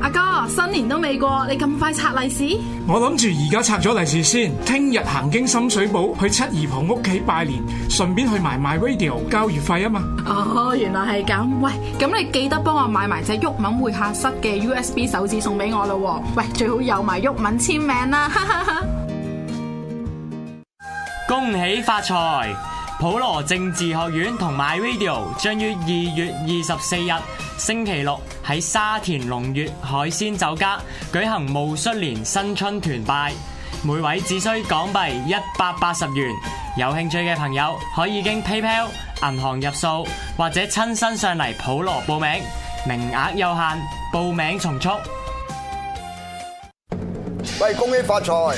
阿哥，新年都未過，你咁快拆利是？我諗住而家拆咗利是先，聽日行經深水埗去七姨婆屋企拜年，順便去埋 MyRadio 交月費啊嘛。哦，原來係咁。喂，咁你記得幫我買埋隻毓民會客室嘅 USB 手指送俾我啦。喂，最好有埋毓民簽名啦。哈哈哈哈恭喜發財！普羅政治學院同埋 MyRadio 將於二月二十四日。星期六喺沙田龍悅海鮮酒家舉行戊戌年新春團拜，每位只需港幣一百八十元。有興趣嘅朋友可以經 PayPal 銀行入數，或者親身上嚟普羅報名，名額有限，報名從速。喂，恭喜發財，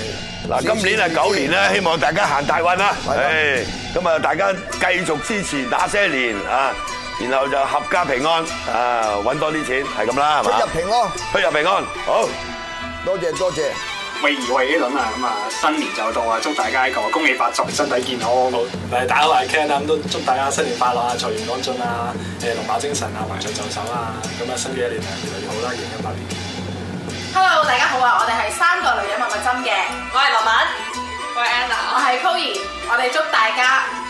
嗱，今年係狗年啦，希望大家行大運啦！喂，咁啊，大家繼續支持打些年啊！然後就合家平安啊！揾多啲錢係咁啦，係嘛？出入平安，出入平安，好多謝多謝，未完呢輪啊咁啊！新年就到啊，祝大家一個恭喜發財、身體健康咁。嚟大家好，係 Ken 啊，咁都祝大家新年快樂啊，財源廣進啊，誒龍馬精神啊，橫財就手啊，咁啊新嘅一年啊越嚟越好啦，二零一八年。Hello，大家好啊！我哋係三個女人蜜蜜針嘅，我係文文，我係 Anna，我係溝兒，我哋祝大家。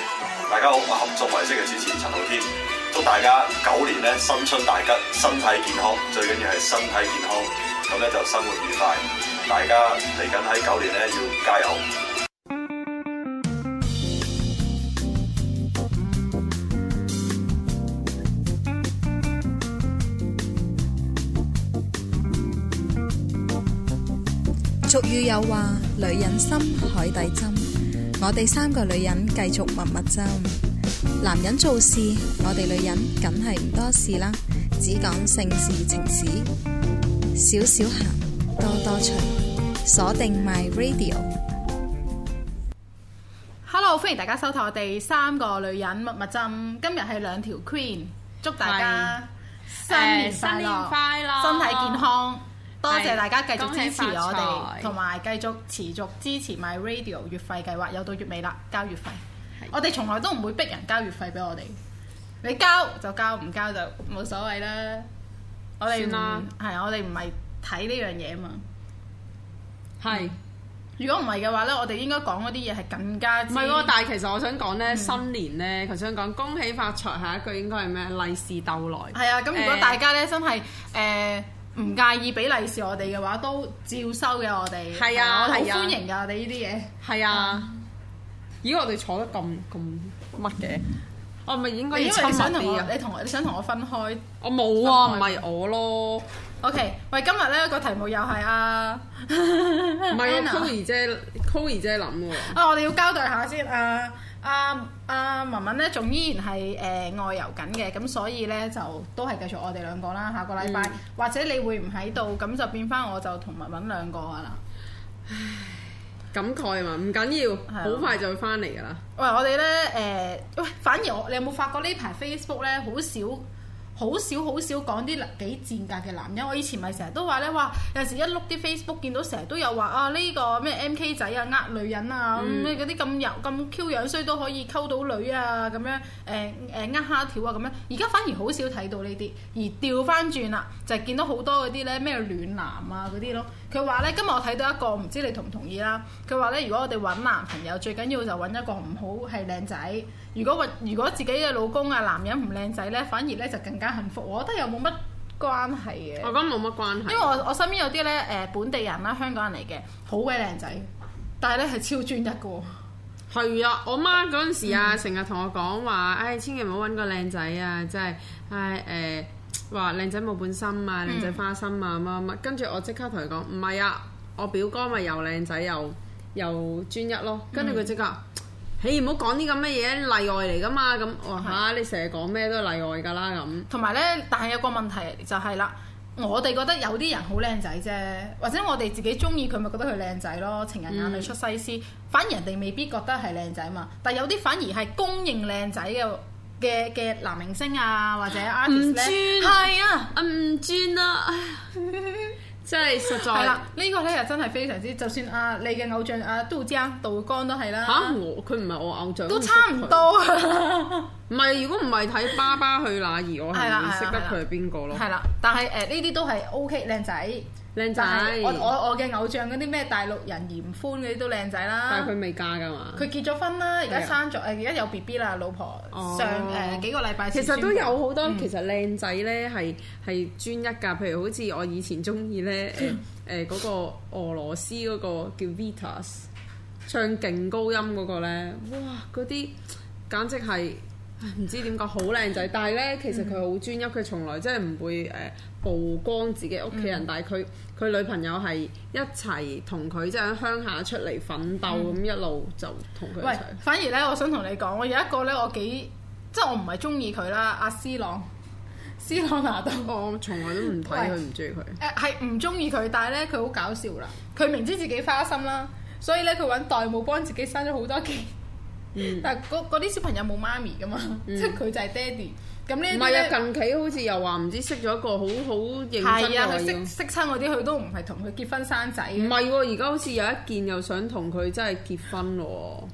大家好，我係合作模式嘅主持陳浩天，祝大家狗年咧新春大吉，身體健康，最緊要係身體健康，咁咧就生活愉快。大家嚟緊喺狗年咧要加油。俗語有話，女人心，海底針。我哋三個女人繼續蜜蜜針，男人做事，我哋女人梗係唔多事啦，只講性事情事，少少鹹，多多趣，鎖定 My Radio。Hello，歡迎大家收睇我哋三個女人蜜蜜針，今日係兩條 Queen，祝大家新年快樂，呃、新年快樂，身體健康。哦多謝大家繼續支持我哋，同埋繼續持續支持 MyRadio 月費計劃，又到月尾啦，交月費。的我哋從來都唔會逼人交月費俾我哋。你交就交，唔交就冇所謂啦。我哋唔係我哋唔係睇呢樣嘢啊嘛。係是、嗯。如果唔係嘅話呢，我哋應該講嗰啲嘢係更加。唔係喎，但係其實我想講呢，新年呢，我、嗯、想講恭喜發財下一句應該係咩？利是逗來。係啊、嗯，咁如果大家呢，真係誒。呃呃呃呃唔介意俾利是我哋嘅話，都照收嘅我哋。係啊，啊我好歡迎噶我哋呢啲嘢。係啊，而果我哋、啊嗯、坐得咁咁乜嘅， 我咪應該要親密啲啊？你同你想同我分開，分開？我冇啊，唔係我咯。OK，喂，今日咧個題目又係啊，唔係啊，溝兒姐，溝兒姐諗喎。啊，我哋要交代下先啊，啊啊文文咧仲依然係誒外遊緊嘅，咁所以咧就都係繼續我哋兩個啦。下個禮拜或者你會唔喺度，咁就變翻我就同文文兩個啦。唉，感慨啊嘛，唔緊要，好快就會翻嚟噶啦。喂，我哋咧誒，喂，反而我你有冇發覺呢排 Facebook 咧好少？好少好少講啲幾賤格嘅男人，我以前咪成日都話咧，哇！有時一碌啲 Facebook 見到，成日都有話啊呢個咩 MK 仔啊呃女人啊，咩嗰啲咁油咁 Q 樣衰都可以溝到女啊咁樣，誒誒呃，呃蝦條啊咁樣，而家反而好少睇到呢啲，而調翻轉啦，就係見到好多嗰啲咧咩暖男啊嗰啲咯。佢話咧，今日我睇到一個，唔知你同唔同意啦？佢話咧，如果我哋揾男朋友，最緊要就揾一個唔好係靚仔。如果如果自己嘅老公啊男人唔靚仔咧，反而咧就更加幸福。我覺得又冇乜關係嘅。我覺得冇乜關係。因為我我身邊有啲咧誒本地人啦，香港人嚟嘅，好鬼靚仔，但係咧係超專一嘅喎。係 啊，我媽嗰陣時啊，成日同我講話、啊，唉，千祈唔好揾個靚仔啊，真係，唉誒。呃話靚仔冇本心啊，靚仔、嗯、花心啊，乜乜，跟住我即刻同佢講唔係啊，我表哥咪又靚仔又又專一咯，跟住佢即刻、啊，你唔好講啲咁嘅嘢例外嚟噶嘛，咁我話吓，你成日講咩都係例外㗎啦咁。同埋咧，但係有個問題就係、是、啦，我哋覺得有啲人好靚仔啫，或者我哋自己中意佢咪覺得佢靚仔咯，情人眼裏出西施，嗯、反而人哋未必覺得係靚仔嘛，但係有啲反而係公認靚仔嘅。嘅嘅男明星啊，或者 artist 係啊，吳、啊、尊啊， 真係實在、啊。係啦，呢個咧又真係非常之，就算阿、啊、你嘅偶像阿杜江、杜江都係啦。吓、啊？我佢唔係我偶像。都差唔多。唔係， 如果唔係睇《爸爸去哪兒》我 啊，我係唔識得佢係邊個咯。係啦、啊，啊、但係誒，呢、呃、啲都係 OK，靚仔。靚仔我，我我我嘅偶像嗰啲咩大陸人嚴寬嗰啲都靚仔啦。但係佢未嫁㗎嘛？佢結咗婚啦，而家生咗誒，而家、哎呀、有 B B 啦，老婆。哦、上誒、呃、幾個禮拜。其實都有好多其實靚仔咧係係專一㗎，譬如好似我以前中意咧誒嗰個俄羅斯嗰個叫 Vitas，唱勁高音嗰、嗰個咧，哇嗰啲簡直係唔知點講，好靚仔。但係咧，其實佢好專一，佢從來即係唔會誒。呃曝光自己屋企人，嗯、但係佢佢女朋友係一齊同佢，即係喺鄉下出嚟奮鬥咁，嗯、一路就同佢一齊。反而咧，我想同你講，我有一個咧，我幾即係我唔係中意佢啦，阿 C 朗，C 朗拿度，我從來都唔睇佢，唔中意佢。誒係唔中意佢，但係咧佢好搞笑啦，佢明知自己花心啦，所以咧佢揾代母幫自己生咗好多嘅，嗯、但係嗰啲小朋友冇媽咪㗎嘛，嗯、即係佢就係爹哋。唔係啊！近期好似又話唔知識咗一個好好、嗯、認真嘅啊，識識親嗰啲佢都唔係同佢結婚生仔。唔係喎，而家好似有一件又想同佢真係結婚咯，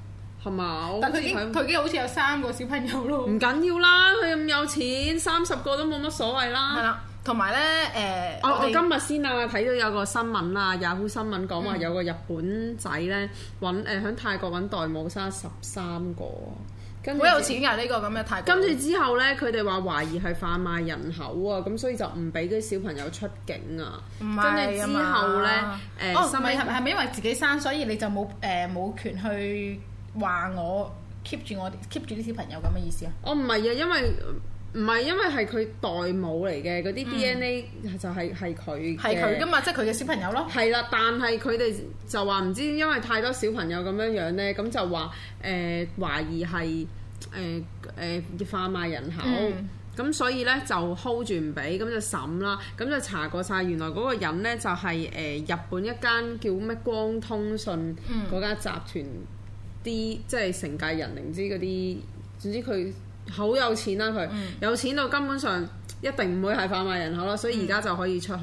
係嘛？但佢已經佢已經好似有三個小朋友咯。唔緊要啦，佢咁有錢，三十個都冇乜所謂啦。係啦，同埋咧誒，呃啊、我是我今日先啊睇到有個新聞啊，Yahoo 新聞講話有個日本仔咧揾誒喺泰國揾代母生十三個。好有錢㗎，呢個咁嘅態度。跟住之後咧，佢哋話懷疑係販賣人口啊，咁所以就唔俾啲小朋友出境啊。唔係啊嘛。呃、哦，係咪係咪因為自己生，所以你就冇誒冇權去話我 keep 住我 keep 住啲小朋友咁嘅意思啊？我唔係啊，因為。唔係，因為係佢代母嚟嘅，嗰啲 DNA 就係係佢嘅。係佢㗎嘛，即係佢嘅小朋友咯。係啦，但係佢哋就話唔知，因為太多小朋友咁樣樣咧，咁就話誒、呃、懷疑係誒誒販賣人口，咁、嗯、所以咧就 hold 住唔俾，咁就審啦，咁就查過晒。原來嗰個人咧就係、是、誒、呃、日本一間叫咩光通信嗰間集團啲，嗯、即係成屆人，唔知嗰啲，總之佢。好有錢啦、啊、佢，嗯、有錢到根本上一定唔會係販賣人口啦，所以而家就可以出去。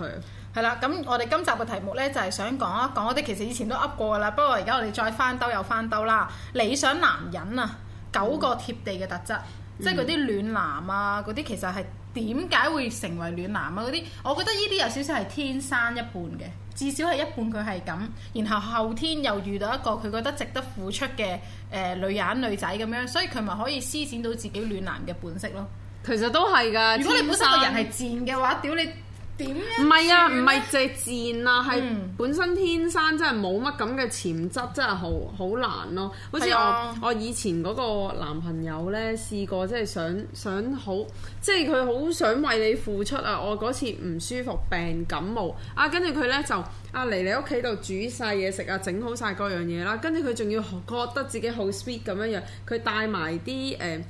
係啦、嗯，咁我哋今集嘅題目呢，就係、係、想講一講嗰啲其實以前都噏過噶啦，不過而家我哋再翻兜又翻兜啦。理想男人啊，九個貼地嘅特質，嗯、即係嗰啲暖男啊，嗰啲其實係點解會成為暖男啊？嗰啲我覺得呢啲有少少係天生一半嘅。至少係一半佢係咁，然後後天又遇到一個佢覺得值得付出嘅誒、呃、女眼女仔咁樣，所以佢咪可以施展到自己暖男嘅本色咯。其實都係㗎，如果你生本身個人係賤嘅話，屌你！唔係啊，唔係藉賤啊，係、嗯、本身天生真係冇乜咁嘅潛質，真係好好難咯。好似我是、啊、我以前嗰個男朋友呢，試過即係想想好，即係佢好想為你付出啊。我嗰次唔舒服病感冒啊，跟住佢呢，就阿嚟你屋企度煮曬嘢食啊，整好晒各樣嘢啦，跟住佢仲要覺得自己好 sweet 咁樣樣，佢帶埋啲誒。呃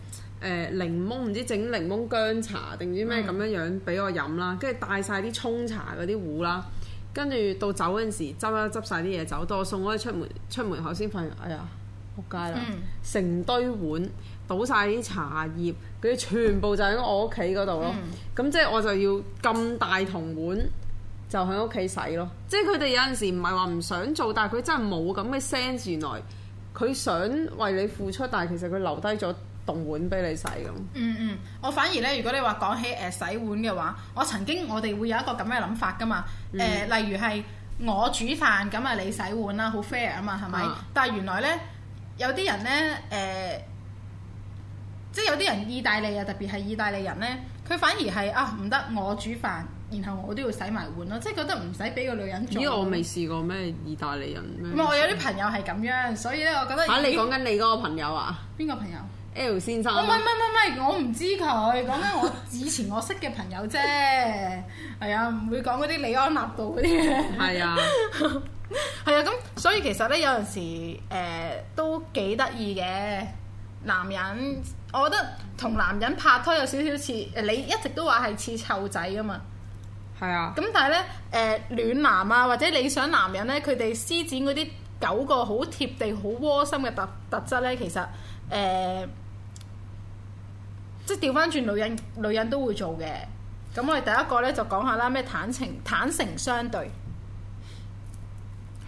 誒、呃、檸檬唔知整檸檬薑茶定唔知咩咁樣樣俾我飲啦，跟住帶晒啲沖茶嗰啲壺啦，跟住到撿一撿一撿走嗰陣時執一執晒啲嘢走，多送我出門，出門口先發現哎呀仆街啦！嗯、成堆碗倒晒啲茶葉嗰啲全部就喺我屋企嗰度咯，咁、嗯、即係我就要咁大桶碗就喺屋企洗咯。即係佢哋有陣時唔係話唔想做，但係佢真係冇咁嘅 sense 原來，佢想為你付出，但係其實佢留低咗。動碗俾你洗咁、嗯。嗯嗯，我反而咧，如果你話講起誒、呃、洗碗嘅話，我曾經我哋會有一個咁嘅諗法噶嘛。誒、嗯呃，例如係我煮飯咁啊，你洗碗啦，好 fair 啊嘛，係咪？啊、但係原來呢，有啲人呢，誒、呃，即係有啲人意大利啊，特別係意大利人呢，佢反而係啊唔得我煮飯，然後我都要洗埋碗咯，即係覺得唔使俾個女人煮。因為我未試過咩？意大利人咩？我有啲朋友係咁樣，所以呢，我覺得、啊、你講緊你嗰個朋友啊？邊個朋友？L 先生，唔係唔係唔係，我唔知佢，講緊我以前我識嘅朋友啫，係 啊，唔會講嗰啲李安納度嗰啲嘅。係 啊，係 啊，咁所以其實咧，有陣時誒、呃、都幾得意嘅男人，我覺得同男人拍拖有少少似，誒你一直都話係似湊仔啊嘛。係啊。咁但係咧誒暖男啊，或者理想男人咧，佢哋施展嗰啲九個好貼地、好窩心嘅特特質咧，其實誒。呃即係調翻轉，女人女人都會做嘅。咁我哋第一個咧就講下啦，咩坦情坦誠相對。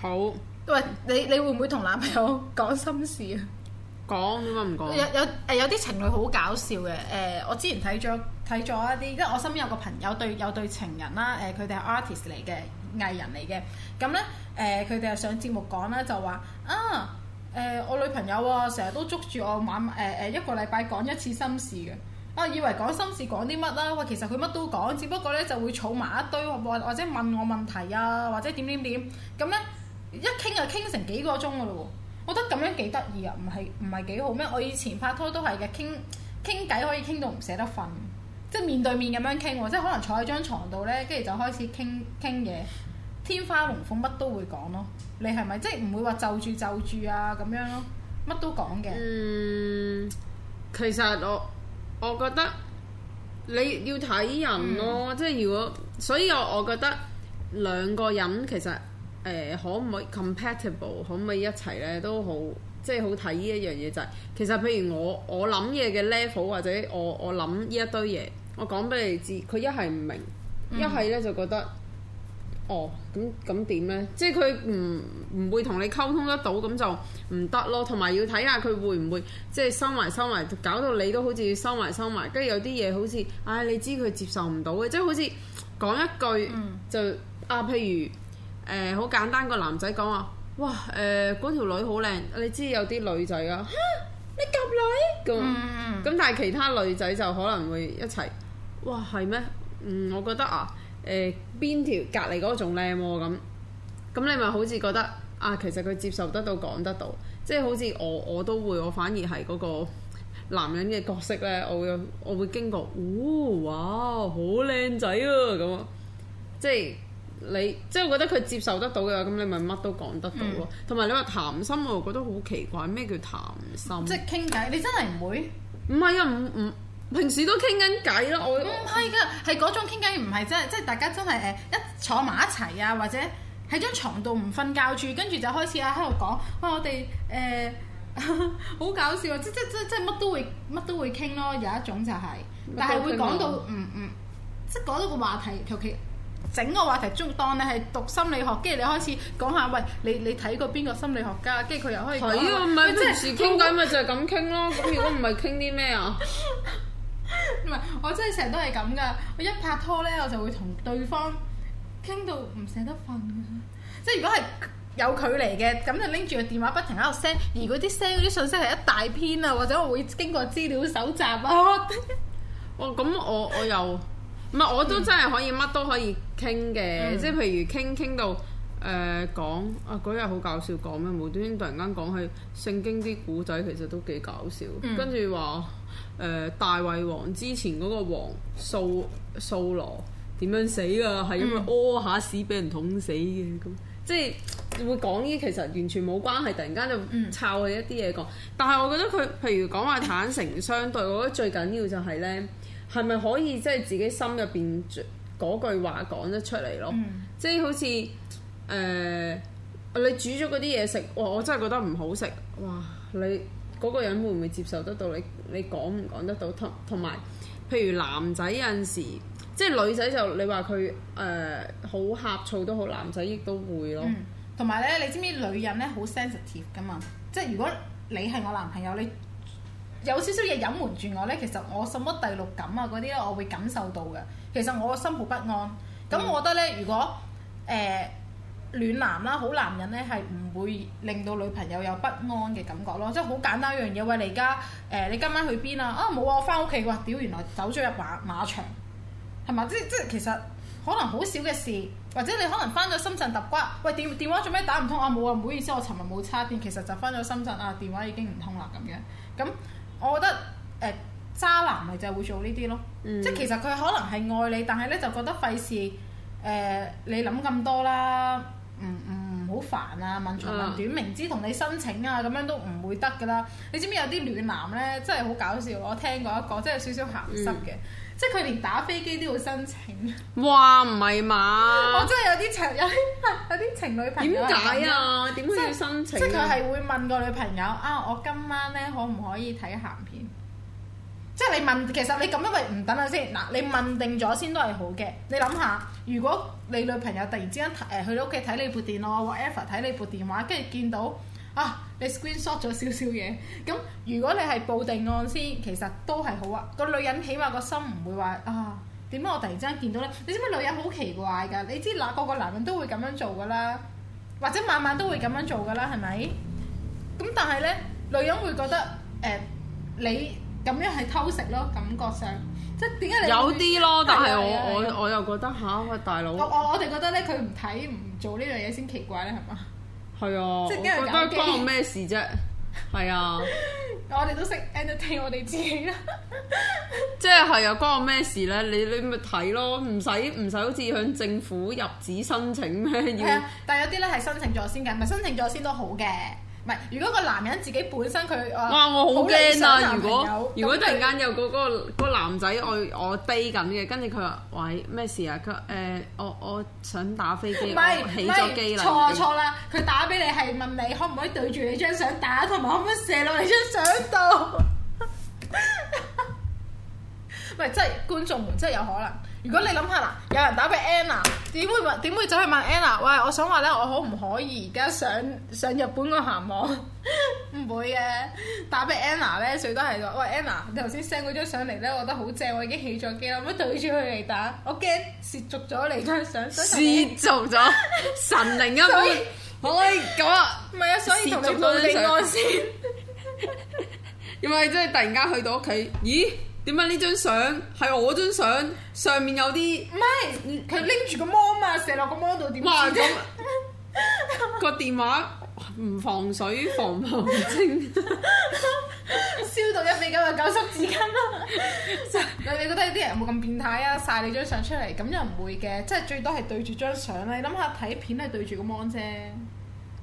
好。喂，你你會唔會同男朋友講心事啊？講點解唔講？有有誒，有啲情侶好搞笑嘅。誒、呃，我之前睇咗睇咗一啲，即係我身邊有個朋友對有對情人啦。誒、呃，佢哋係 artist 嚟嘅，藝人嚟嘅。咁咧，誒，佢哋係上節目講啦，就話，嗯、啊。誒、呃、我女朋友啊，成日都捉住我晚誒誒一個禮拜講一次心事嘅。啊以為講心事講啲乜啦？喂，其實佢乜都講，只不過咧就會儲埋一堆或或者問我問題啊，或者點點點，咁樣一傾就傾成幾個鐘噶咯，我覺得咁樣幾得意啊，唔係唔係幾好咩？我以前拍拖都係嘅，傾傾偈可以傾到唔捨得瞓，即係面對面咁樣傾喎，即係可能坐喺張床度咧，跟住就開始傾傾嘢。天花龍鳳乜都會講咯，你係咪即係唔會話就住就住啊咁樣咯？乜都講嘅。嗯，其實我我覺得你、嗯、要睇人咯、哦，即係如果，所以我我覺得兩個人其實誒、呃、可唔可以 compatible，可唔可以一齊呢都好，即係好睇呢一樣嘢就係、係、其實譬如我我諗嘢嘅 level 或者我我諗呢一堆嘢，我講俾你知，佢一係唔明，一係呢就覺得。哦，咁咁點呢？即係佢唔唔會同你溝通得到，咁就唔得咯。同埋要睇下佢會唔會即係收埋收埋，搞到你都好似收埋收埋。跟住有啲嘢好似，唉、哎，你知佢接受唔到嘅，即係好似講一句就、嗯、啊，譬如誒好、呃、簡單個男仔講話，哇誒嗰、呃、條女好靚，你知有啲女仔啊，嚇、啊，你夾女咁。咁、嗯、但係其他女仔就可能會一齊，哇係咩？嗯，我覺得啊誒。呃邊條隔離嗰個仲靚喎咁？咁你咪好似覺得啊，其實佢接受得到講得到，即係好似我我都會，我反而係嗰個男人嘅角色咧，我會我會經過，哦、哇，好靚仔啊咁啊！即係你即係我覺得佢接受得到嘅，咁你咪乜都講得到咯。同埋、嗯、你話談心、啊，我又覺得好奇怪，咩叫談心？即係傾偈，你真係唔會唔係因唔唔。平時都傾緊偈咯，我唔係噶，係嗰種傾偈唔係真係，即係大家真係誒一， 一坐埋一齊啊，或者喺張床度唔瞓覺住，跟住就開始啊喺度講，喂我哋誒好搞笑，即即即即乜都會乜都會傾咯，有一種就係，但係會講到嗯嗯，即講到個話題，求其整個話題中當你係讀心理學，跟住你開始講下，喂你你睇過邊個心理學家，跟住佢又可以，睇啊、嗯，唔係平時傾偈咪就係咁傾咯，咁如果唔係傾啲咩啊？唔係， 我真係成日都係咁噶。我一拍拖咧，我就會同對方傾到唔捨得瞓。即係如果係有距離嘅，咁就拎住個電話不停喺度 send。而嗰啲 send 嗰啲信息係一大篇啊，或者我會經過資料搜集啊。哦， 咁我我又唔係我都真係可以乜、嗯、都可以傾嘅。嗯、即係譬如傾傾到誒講、呃、啊，嗰日好搞笑講咩，無端端突然間講起《聖經》啲古仔，其實都幾搞笑。嗯、跟住話。誒、呃、大衛王之前嗰個王掃掃羅點樣死㗎？係、嗯、因為屙下屎俾人捅死嘅，咁，即係會講啲其實完全冇關係，突然間就抄佢一啲嘢講。嗯、但係我覺得佢譬如講話坦誠相對，我覺得最緊要就係、是、咧，係咪可以即係自己心入邊嗰句話講得出嚟咯？嗯、即係好似誒、呃、你煮咗嗰啲嘢食，哇！我真係覺得唔好食，哇！你～嗰個人會唔會接受得到你？你講唔講得到？同同埋，譬如男仔有陣時，即係女仔就你話佢誒好呷醋都好，男仔亦都會咯。嗯，同埋咧，你知唔知女人咧好 sensitive 噶嘛？即係如果你係我男朋友，你有少少嘢隱瞞住我咧，其實我什麼第六感啊嗰啲咧，我會感受到嘅。其實我心好不安。咁、嗯、我覺得咧，如果誒。呃暖男啦、啊，好男人咧係唔會令到女朋友有不安嘅感覺咯，即係好簡單一樣嘢喂。你而家誒你今晚去邊啊？啊冇啊，我翻屋企喎。屌原來走咗入馬馬場，係嘛？即即其實可能好少嘅事，或者你可能翻咗深圳揼骨。喂電電話做咩打唔通啊？冇啊，唔好意思，我尋日冇叉電，其實就翻咗深圳啊，電話已經唔通啦咁樣，樣。咁我覺得誒、呃、渣男咪就係會做呢啲咯，嗯、即係其實佢可能係愛你，但係咧就覺得費事誒你諗咁多啦。唔唔好煩啊！問長問短，明知同你申請啊，咁樣都唔會得噶啦！你知唔知有啲暖男呢？真係好搞笑！我聽過一個，真係少少鹹濕嘅，嗯、即係佢連打飛機都要申請。哇！唔係嘛？我真係有啲情有啲有啲情侶朋友點解啊？點會要申請？即係佢係會問個女朋友啊！我今晚呢，可唔可以睇鹹片？即係你問，其實你咁樣因為唔等等先嗱，你問定咗先都係好嘅。你諗下，如果你女朋友突然之間誒去到你屋企睇你部電話或者睇你部電話，跟住見到啊你 screen shot 咗少少嘢，咁如果你係報定案先，其實都係好啊。個女人起碼個心唔會話啊點解我突然之間見到咧？你知唔知女人好奇怪㗎？你知嗱個個男人都會咁樣做㗎啦，或者晚晚都會咁樣做㗎啦，係咪？咁但係咧，女人會覺得誒你。咁樣係偷食咯，感覺上即係點解你有啲咯？但係我的我我又覺得嚇，喂大佬，我我哋覺得咧，佢唔睇唔做呢樣嘢先奇怪咧，係嘛？係啊，即係覺得關我咩事啫？係啊，我哋都識 entertain 我哋自己啦。即係係啊，關我咩事咧、 啊？你你咪睇咯，唔使唔使好似向政府入紙申請咩？要、 啊，但係有啲咧係申請咗先嘅，唔申請咗先都好嘅。唔係，如果個男人自己本身佢哇，我好驚啊！如果他如果突然間有個個個男仔我我低緊嘅，跟住佢話：喂，咩事啊？佢誒、呃，我我想打飛機，唔係唔係，錯錯啦！佢打俾你係問你可唔可以對住你張相打，同埋可唔可以射落你張相度。唔 即係觀眾們，即係有可能。如果你諗下啦，有人打俾 Anna，點會問？點會走去問 Anna？喂，我想話咧，我可唔可以而家上上日本個鹹網？唔會嘅，打俾 Anna 咧，最多係話，喂 Anna，你頭先 send 嗰張相嚟，咧，我覺得好正，我已經起咗機啦，咁樣對住佢嚟打，我驚褻瀆咗你張相。褻瀆咗神靈一般，可以咁啊？唔係啊，所以同你講先，因為真係突然間去到屋企，咦？點解呢張相係我張相上面有啲？唔係，佢拎住個芒啊嘛，射落個芒度點？哇！咁 個電話唔防水，防唔清，燒 到一比九啊，九濕紙巾啦！ 你哋覺得有啲人有冇咁變態啊？晒你張相出嚟咁又唔會嘅，即係最多係對住張相咧。你諗下睇片係對住個芒啫。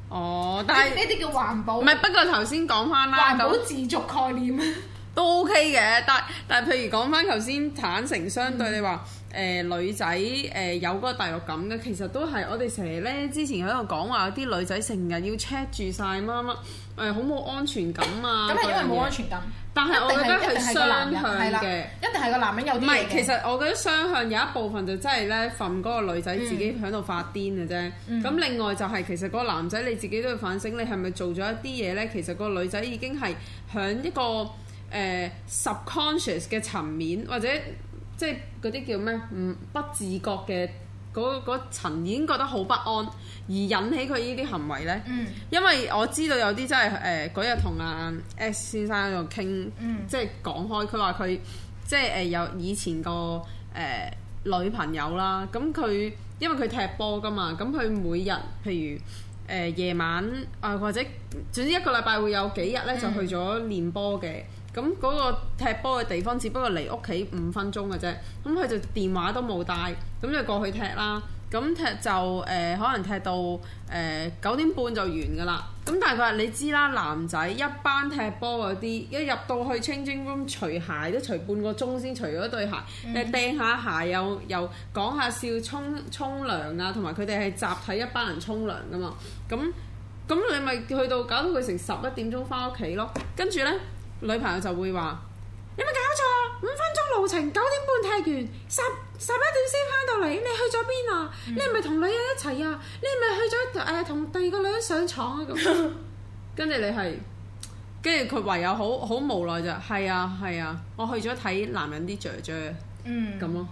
哦，但係呢啲叫環保。唔係，不過頭先講翻啦，環保自續概念。都 OK 嘅，但但係，譬如講翻頭先，坦誠相對，你話誒女仔誒、呃、有嗰個大陸感嘅，其實都係我哋成日咧之前喺度講話啲女仔成日要 check 住晒乜乜誒，好、呃、冇安全感啊。咁係因為冇安全感，但係我覺得係雙向嘅，一定係個，個男人有啲嘅。唔係，其實我覺得雙向有一部分就真係咧，憤嗰個女仔自己喺度發癲嘅啫。咁、嗯、另外就係、是、其實嗰個男仔你自己都要反省，你係咪做咗一啲嘢咧？其實個女仔已經係響一個。誒、呃、subconscious 嘅層面，或者即係嗰啲叫咩？唔不，不自覺嘅嗰、嗰個、層已經覺得好不安，而引起佢呢啲行為呢。嗯、因為我知道有啲真係誒，嗰日同阿 S 先生喺度傾，即係講開，佢話佢即係誒有以前個誒、呃、女朋友啦。咁佢因為佢踢波㗎嘛，咁佢每日譬如夜、呃、晚啊、呃，或者總之一個禮拜會有幾日呢，就去咗練波嘅。嗯嗯咁嗰個踢波嘅地方，只不過離屋企五分鐘嘅啫。咁佢就電話都冇帶，咁就過去踢啦。咁踢就誒、呃，可能踢到誒九點半就完㗎啦。咁但係佢話你知啦，男仔一班踢波嗰啲，一入到去 changing room 除鞋都除半個鐘先除咗對鞋，掟、嗯呃、下鞋又又講下笑，沖沖涼啊，同埋佢哋係集體一班人沖涼㗎嘛。咁咁你咪去到搞到佢成十一點鐘返屋企咯，跟住呢。女朋友就會話：有冇搞錯？五分鐘路程，九點半踢完，十十一點先翻到嚟，你去咗邊、嗯、啊？你係咪同女人一齊啊？你係咪去咗誒同第二個女人上床啊？咁，跟住 你係，跟住佢唯有好好無奈咋。係啊係啊，我去咗睇男人啲雀雀。嗯，咁咯、啊。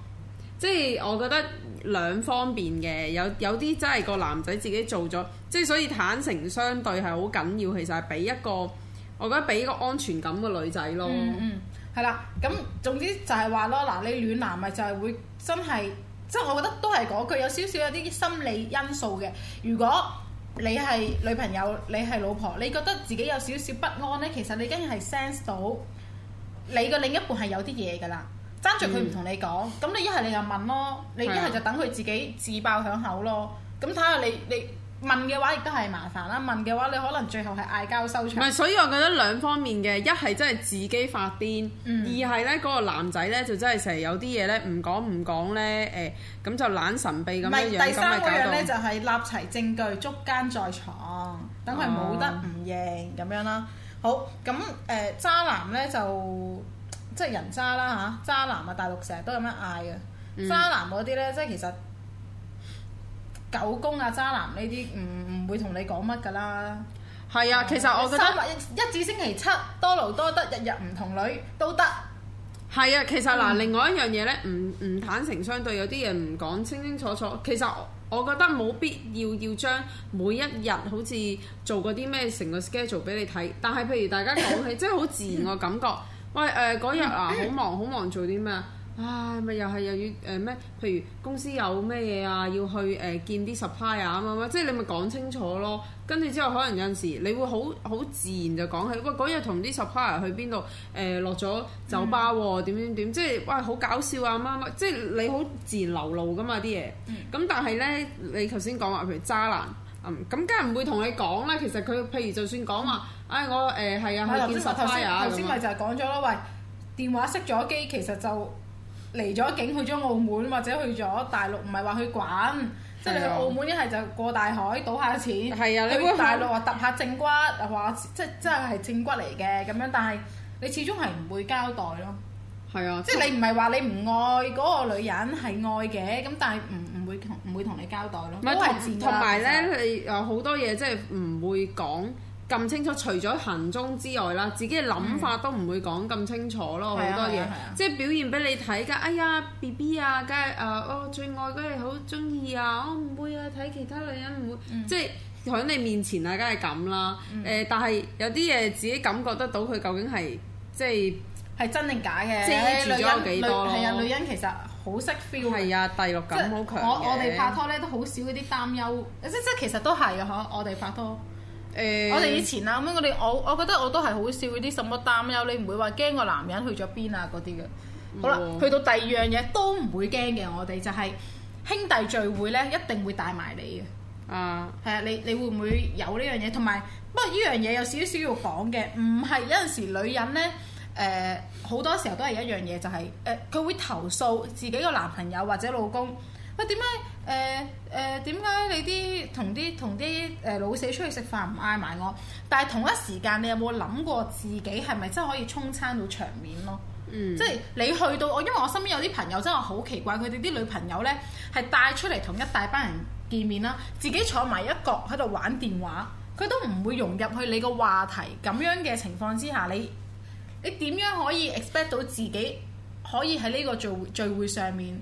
即係我覺得兩方面嘅有有啲真係個男仔自己做咗，即係所以坦誠相對係好緊要。其實係俾一個。我覺得俾個安全感個女仔咯，係啦。咁總之就係話咯，嗱你暖男咪就係會真係，即係我覺得都係嗰句有少少有啲心理因素嘅。如果你係女朋友，你係老婆，你覺得自己有少少不安呢，其實你梗係 sense 到你嘅另一半係有啲嘢㗎啦。爭住佢唔同你講，咁你一係你就問咯，你一係就等佢自己自爆喺口咯。咁睇下你你。問嘅話亦都係麻煩啦，問嘅話你可能最後係嗌交收場。唔係，所以我覺得兩方面嘅，一係真係自己發癲，二係呢嗰個男仔呢，就真係成日有啲嘢呢唔講唔講呢，誒、欸，咁就懶神秘咁樣，第三個樣呢就係立齊證據捉奸在床，等佢冇得唔認咁樣啦。好，咁誒、呃、渣男呢，就即係人渣啦嚇、啊，渣男啊大陸成日都咁樣嗌嘅，嗯、渣男嗰啲呢，即係其實。狗公啊渣男呢啲唔唔會同你講乜㗎啦，係啊，其實我覺得一,一至星期七多勞多得，日日唔同女都得。係啊，其實嗱，嗯、另外一樣嘢咧，唔唔坦誠相對，有啲嘢唔講清清楚楚。其實我覺得冇必要要將每一日好似做過啲咩成個 schedule 俾你睇。但係譬如大家講起，即係好自然嘅感覺。喂誒，嗰、呃、日啊好 忙，好忙做啲咩？啊，咪又係又要誒咩、呃？譬如公司有咩嘢啊，要去誒、呃、見啲 supplier 啊，咁樣，即係你咪講清楚咯。跟住之後，可能有陣時你會好好自然就講起喂，嗰日同啲 supplier 去邊度誒落咗酒吧喎，點點點，即係喂好搞笑啊，乜乜，即係你好自然流露噶嘛啲嘢。咁、嗯、但係咧，你頭先講話譬如渣男，咁梗係唔會同你講啦。其實佢譬如就算講話，嗯、哎，我誒係啊，去見 supplier 啊。頭先咪就係講咗咯，喂，電話熄咗機，其實就。嚟咗境去咗澳門或者去咗大陸，唔係話去滾，的即係你去澳門一係就過大海賭下錢， 的你會去大陸話揼下正骨，話即係即係係正骨嚟嘅咁樣，但係你始終係唔會交代咯。係啊的，即係你唔係話你唔愛嗰個女人係愛嘅，咁但係唔唔會同唔會同你交代咯。唔係是，同埋咧，你有好多嘢即係唔會講。咁清楚，除咗行蹤之外啦，自己嘅諗法都唔會講咁清楚咯，好 多嘢， 即係表現俾你睇噶。哎呀，B B 啊，梗係啊，我、呃、最愛，梗係好中意啊，我唔會啊，睇其他女人唔會，嗯、即係喺你面前啊，梗係咁啦。誒、呃，但係有啲嘢自己感覺得到佢究竟係即係係真定假嘅？遮住咗幾多？係啊，女人其實好識 feel。係啊，第六感好強。我我哋拍拖咧都好少嗰啲擔憂，即即，即其實都係嘅呵，我哋拍拖。欸、我哋以前啊，咁樣我哋我我覺得我都係好少啲什麼擔憂，你唔會話驚個男人去咗邊啊嗰啲嘅。好啦，哦、去到第二樣嘢都唔會驚嘅，我哋就係、是、兄弟聚會咧，一定會帶埋你嘅。啊、嗯，係啊，你你會唔會有呢樣嘢？同埋不過呢樣嘢有少少要講嘅，唔係有陣時女人咧，誒、呃、好多時候都係一樣嘢，就係誒佢會投訴自己個男朋友或者老公。喂，點解誒誒？點、呃、點解你啲同啲同啲誒老死出去食飯唔嗌埋我？但係同一時間，你有冇諗過自己係咪真係可以充餐到場面咯？嗯、即係你去到我，因為我身邊有啲朋友真係好奇怪，佢哋啲女朋友呢係帶出嚟同一大班人見面啦，自己坐埋一角喺度玩電話，佢都唔會融入去你個話題咁樣嘅情況之下，你你點樣可以 expect 到自己可以喺呢個聚聚會上面？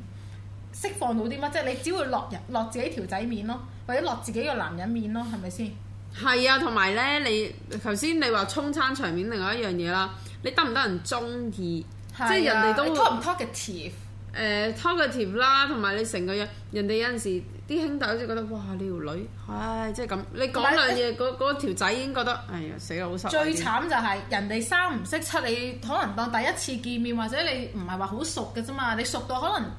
釋放到啲乜？即係你只會落人落自己條仔面咯，或者落自己個男人面咯，係咪先？係啊，同埋咧，你頭先你話沖餐場面，另外一樣嘢啦，你得唔得人中意？啊、即係人哋都 talk 唔 talkative 誒，talkative 啦，同埋你成個樣，人哋有陣時啲兄弟好似覺得哇，呢條女，唉，即係咁。你講兩嘢，嗰、嗰條仔已經覺得，哎呀，死啦，好失望。最慘就係、是、人哋三唔識七，你可能當第一次見面，或者你唔係話好熟嘅啫嘛，你熟到可能。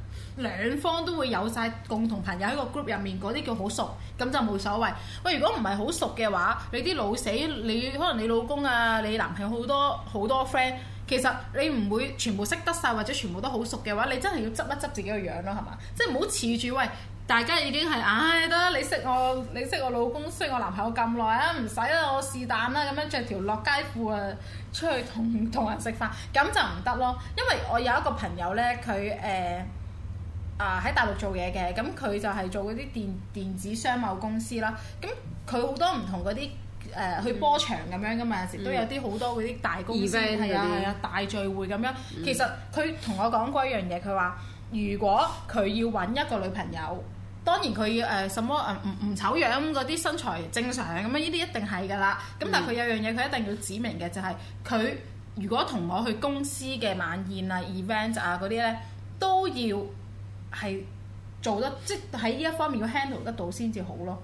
兩方都會有晒共同朋友喺個 group 入面，嗰啲叫好熟，咁就冇所謂。喂，如果唔係好熟嘅話，你啲老死你可能你老公啊，你男朋友好多好多 friend，其實你唔會全部識得晒，或者全部都好熟嘅話，你真係要執一執自己個樣咯，係嘛？即係唔好恃住喂，大家已經係唉得你識我，你識我老公，識我男朋友咁耐啊，唔使啦，我是但啦，咁樣着條落街褲啊出去同同人食飯，咁就唔得咯。因為我有一個朋友呢，佢誒。呃啊！喺大陸做嘢嘅，咁佢就係做嗰啲電電子商貿公司啦。咁佢好多唔同嗰啲誒去波場咁樣噶嘛，有時、嗯、都有啲好多嗰啲大公司嗰啲係啊係啊大聚會咁樣。嗯、其實佢同我講過一樣嘢，佢話如果佢要揾一個女朋友，當然佢要誒什麼唔唔醜樣嗰啲，身材正常咁樣，呢啲一定係㗎啦。咁但佢有樣嘢，佢一定要指明嘅就係、是、佢如果同我去公司嘅晚宴啊、event 啊嗰啲呢，都要。係做得即喺呢一方面要 handle 得到先至好咯。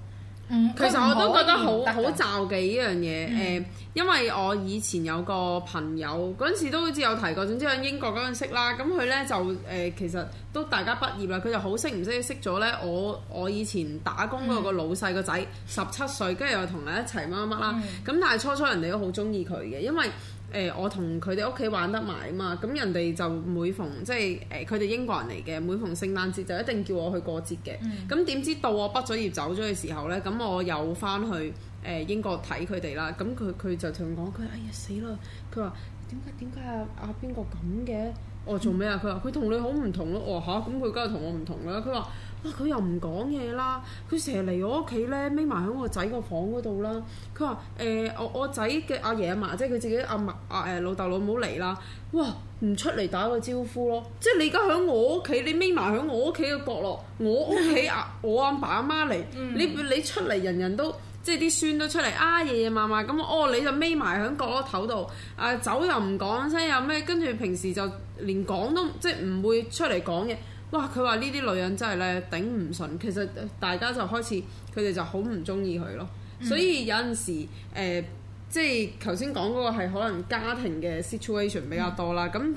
嗯、其實我都覺得好好罩忌呢樣嘢誒，因為我以前有個朋友嗰陣時都好似有提過，總之喺英國嗰陣識啦。咁佢呢，就誒、呃、其實都大家畢業啦，佢就好識唔識識咗呢。我我以前打工嗰個老細、嗯、個仔十七歲，跟住又同你一齊乜乜啦。咁、嗯、但係初初人哋都好中意佢嘅，因為。誒、欸、我同佢哋屋企玩得埋啊嘛，咁人哋就每逢即係誒佢哋英國人嚟嘅，每逢聖誕節就一定叫我去過節嘅。咁點、嗯、知到我畢咗業走咗嘅時候、哎啊、呢？咁我又翻去誒英國睇佢哋啦。咁佢佢就同我講：佢哎呀死啦！佢話點解點解阿邊個咁嘅？我做咩啊？佢話佢同你好唔同咯。哦，吓、啊？咁佢梗係同我唔同啦。佢話。哇！佢、啊、又唔講嘢啦，佢成日嚟我屋企咧，匿埋喺我仔個房嗰度啦。佢話：誒、欸，我我仔嘅阿爺阿嫲，即係佢自己阿嫲阿誒老豆老母嚟啦。哇！唔出嚟打個招呼咯，即係你而家喺我屋企，你匿埋喺我屋企嘅角落，我屋企啊，我阿爸阿媽嚟， 你你出嚟，人人都即係啲孫都出嚟啊，爺爺嫲嫲咁哦，你就匿埋喺角落頭度啊，走又唔講聲又咩，跟住平時就連講都即係唔會出嚟講嘢。哇！佢話呢啲女人真係咧頂唔順，其實大家就開始佢哋就好唔中意佢咯。所以有陣時誒、呃，即係頭先講嗰個係可能家庭嘅 situation 比較多啦。咁、嗯、